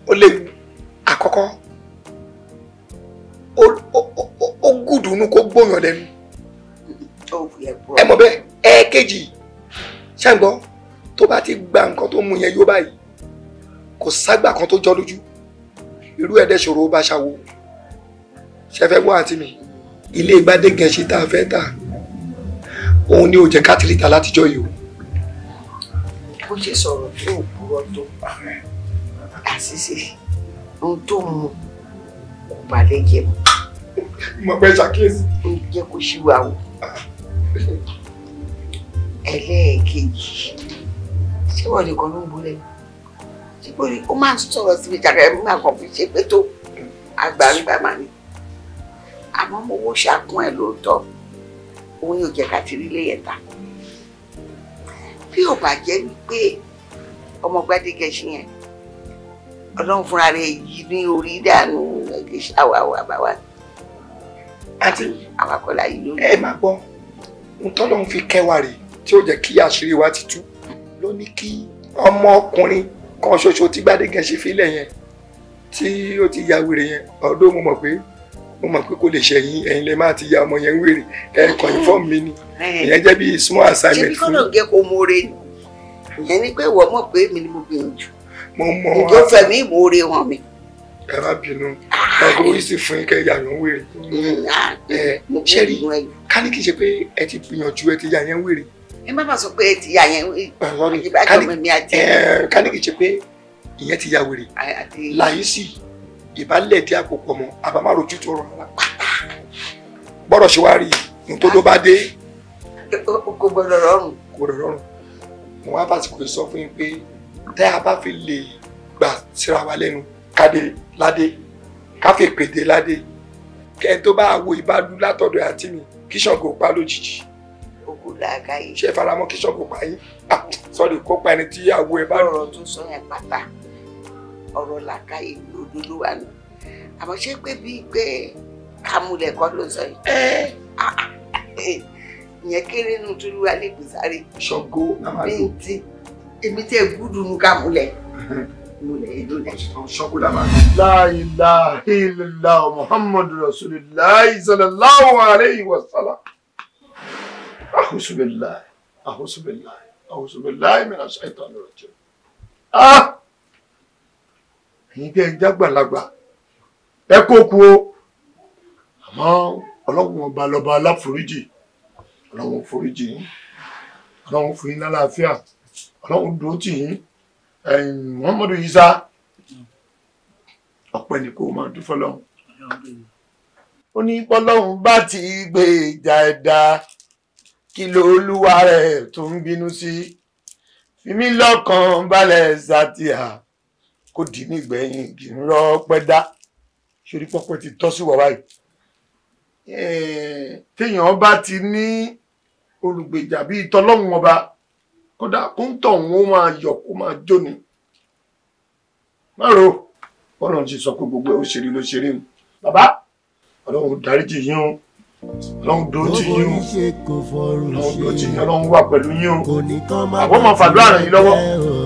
ó léwu àkọ́kọ́ ó gùdùnú kó gbóyàn lẹ́nu ẹ mọ̀ bẹ́ẹ̀ ẹ̀ẹ́kejì ṣàǹgbọ́ tó bá ti gba nǹkan tó mú yẹn yó báyìí kò ságbà kan tó jọ lójú irú ẹ̀dẹ̀ ṣòro bá ṣàwo ṣẹfẹ́ wá àti mi ilé ìgbàdégẹ̀ẹ́sì tá a fẹ́ tà òun ni ò jẹ́ ká tìrìtà látijọ́ yìí o bó ṣe sọ̀rọ̀ tó òpùrọ̀ tó àṣìṣe ohun tó mu kò bà lẹ́jẹ̀ mu. mo fẹ́ ṣàkíyèsí. ó jẹ́ kó ṣí wa wò. ẹlẹ́ẹ̀kejì ṣé wọ́n lè kọ́ ló ń bolẹ̀ ṣé kò rí ó máa ń sọ̀rọ̀ síbi jàre ẹ̀rú máa kàn fi ṣe pé tó àgbàlagbà máa ní àmọ́ mo wó ṣàkún ẹ̀ lóòótọ́ òun yóò jẹ́ ká ti rí ilé yẹn ta bí ò bá jẹ́ wípé ọmọ Gbádégẹṣin yẹn ọlọ́run fúnra rẹ̀ yìí ní orí dànù ẹgbẹ́ ṣàwà àbáwá àti àwàkọ́lá yìí ló. ẹ máa gbọ́ ntọ́lọ́run fi kẹwàá rè tí ó jẹ́ kí àṣírí wa ti tú ló ní kí ọmọkùnrin kan ṣoṣo tí Gbádégẹṣin fi lẹ̀ yẹn tí ó ti ya wèrè yẹn ọdún mo mọ̀ pé mo mọ̀ pé kò lè ṣe yín lè máa ti ya ọmọ yẹn wèrè ẹ confirm mi ni ìyẹn jẹ́ bí small assignment fún mi. ṣé bí kọ́nà gẹ kó mọ̀ọ́re ìyẹn ni pé ìwọ mọ̀ pé èmi ni mo gbìyànjú mo mọ wọn ìjọ fẹ̀mí ìmọ̀ọ́re wọn mi. ẹ má bínú ọgbọ́n orí sì fún yín kẹ́ ìyá yẹn wèrè. ṣé rí kálíkì ṣe pé ẹ ti gbìyànjú ẹ ti ya yẹn wèrè. ẹ má bàa sọ pé ẹ ti ya yẹn wèrè. kálíkì ṣe pé ìyẹn ti ya wèrè láyé sí ìbálẹ̀ tí a kò pọ̀ mọ́ àbámárò tútù ọ̀rọ̀ ara pátá gbọ́dọ̀ ṣe wá rí i nítorí ó bá dé. kò gbọdọ̀ rọrùn. kò gbọdọ̀ rọrùn mo wá fàsìkò sọ fún yín pé tẹ́ a bá fi lè gbà síra wa lẹ́nu kádé ládé káfí pèdé ládé kẹ́ tó bá wo ìbálú látọ̀dọ̀ àti mi kí Ṣàngó pa lójijì kú làákàyè. ṣé faramọ́ kí sọ́kò pa yín ah, sọ́ọ̀dì kó pa ẹni tí àwọ̀ ẹ bá. ọ̀rọ̀ tó sọ yẹn pátá ọ̀rọ̀ làkàyè òdodo wa nù àmọ́ ṣé pé bíi pé kàmúlẹ̀ kọ́ ló sọ yìí ìyẹn kéré nù tó lúwa lè pè sáré ṣọ̀gbó bíi ti èmi tẹ gbúdù nù kàmúlẹ̀ múlẹ̀ ìlú rẹ̀ ṣọ́kú làmà. La ilaha illallah Muhammadu Rasulullah sallallahu alayhi wa sallam. Ahusubillahi, ahusubillahi, ahusubillahi mina shaitan rajim. Ah! ẹ̀yin tẹ́ ẹ jágbàlagbà ẹ kó kú o àmọ́ ọlọ́run ọba lọ́ba aláforíjì ọlọ́run foríjì yín ọlọ́run fún yín lálàáfíà ọlọ́run dúró tì yín ẹ̀yìn Muhammadu Isa ọpẹ́ ni kó máa dúfọ́ lọ́hùn. ó ní bọ́lọ́hún bá ti gbé ìjà ẹ̀dá kí ló olúwa rẹ̀ tó ń bínú sí fi mí lọ́kàn balẹ̀ sátìhà kó dì í nígbẹ̀yìn kì í ṣorí pọ́pẹ́ ti tọ́ sí wàwá yìí. téèyàn bá ti ní olùgbèjà bíi tọlọ́hún ọba kódà kó ń tọ̀ wọ́n máa yọ̀ kó máa jó ni. má ro bọ́lá ń sọ pé gbogbo ẹ̀ ó ṣeré ló ṣeré o. bàbá ọlọ́run dáríjì yín o ọlọ́run dúró tì yín o ọlọ́run dúró tì yín wà pẹ̀lú yín o àbọ̀ fàdúrà ràn yín lọ́wọ́.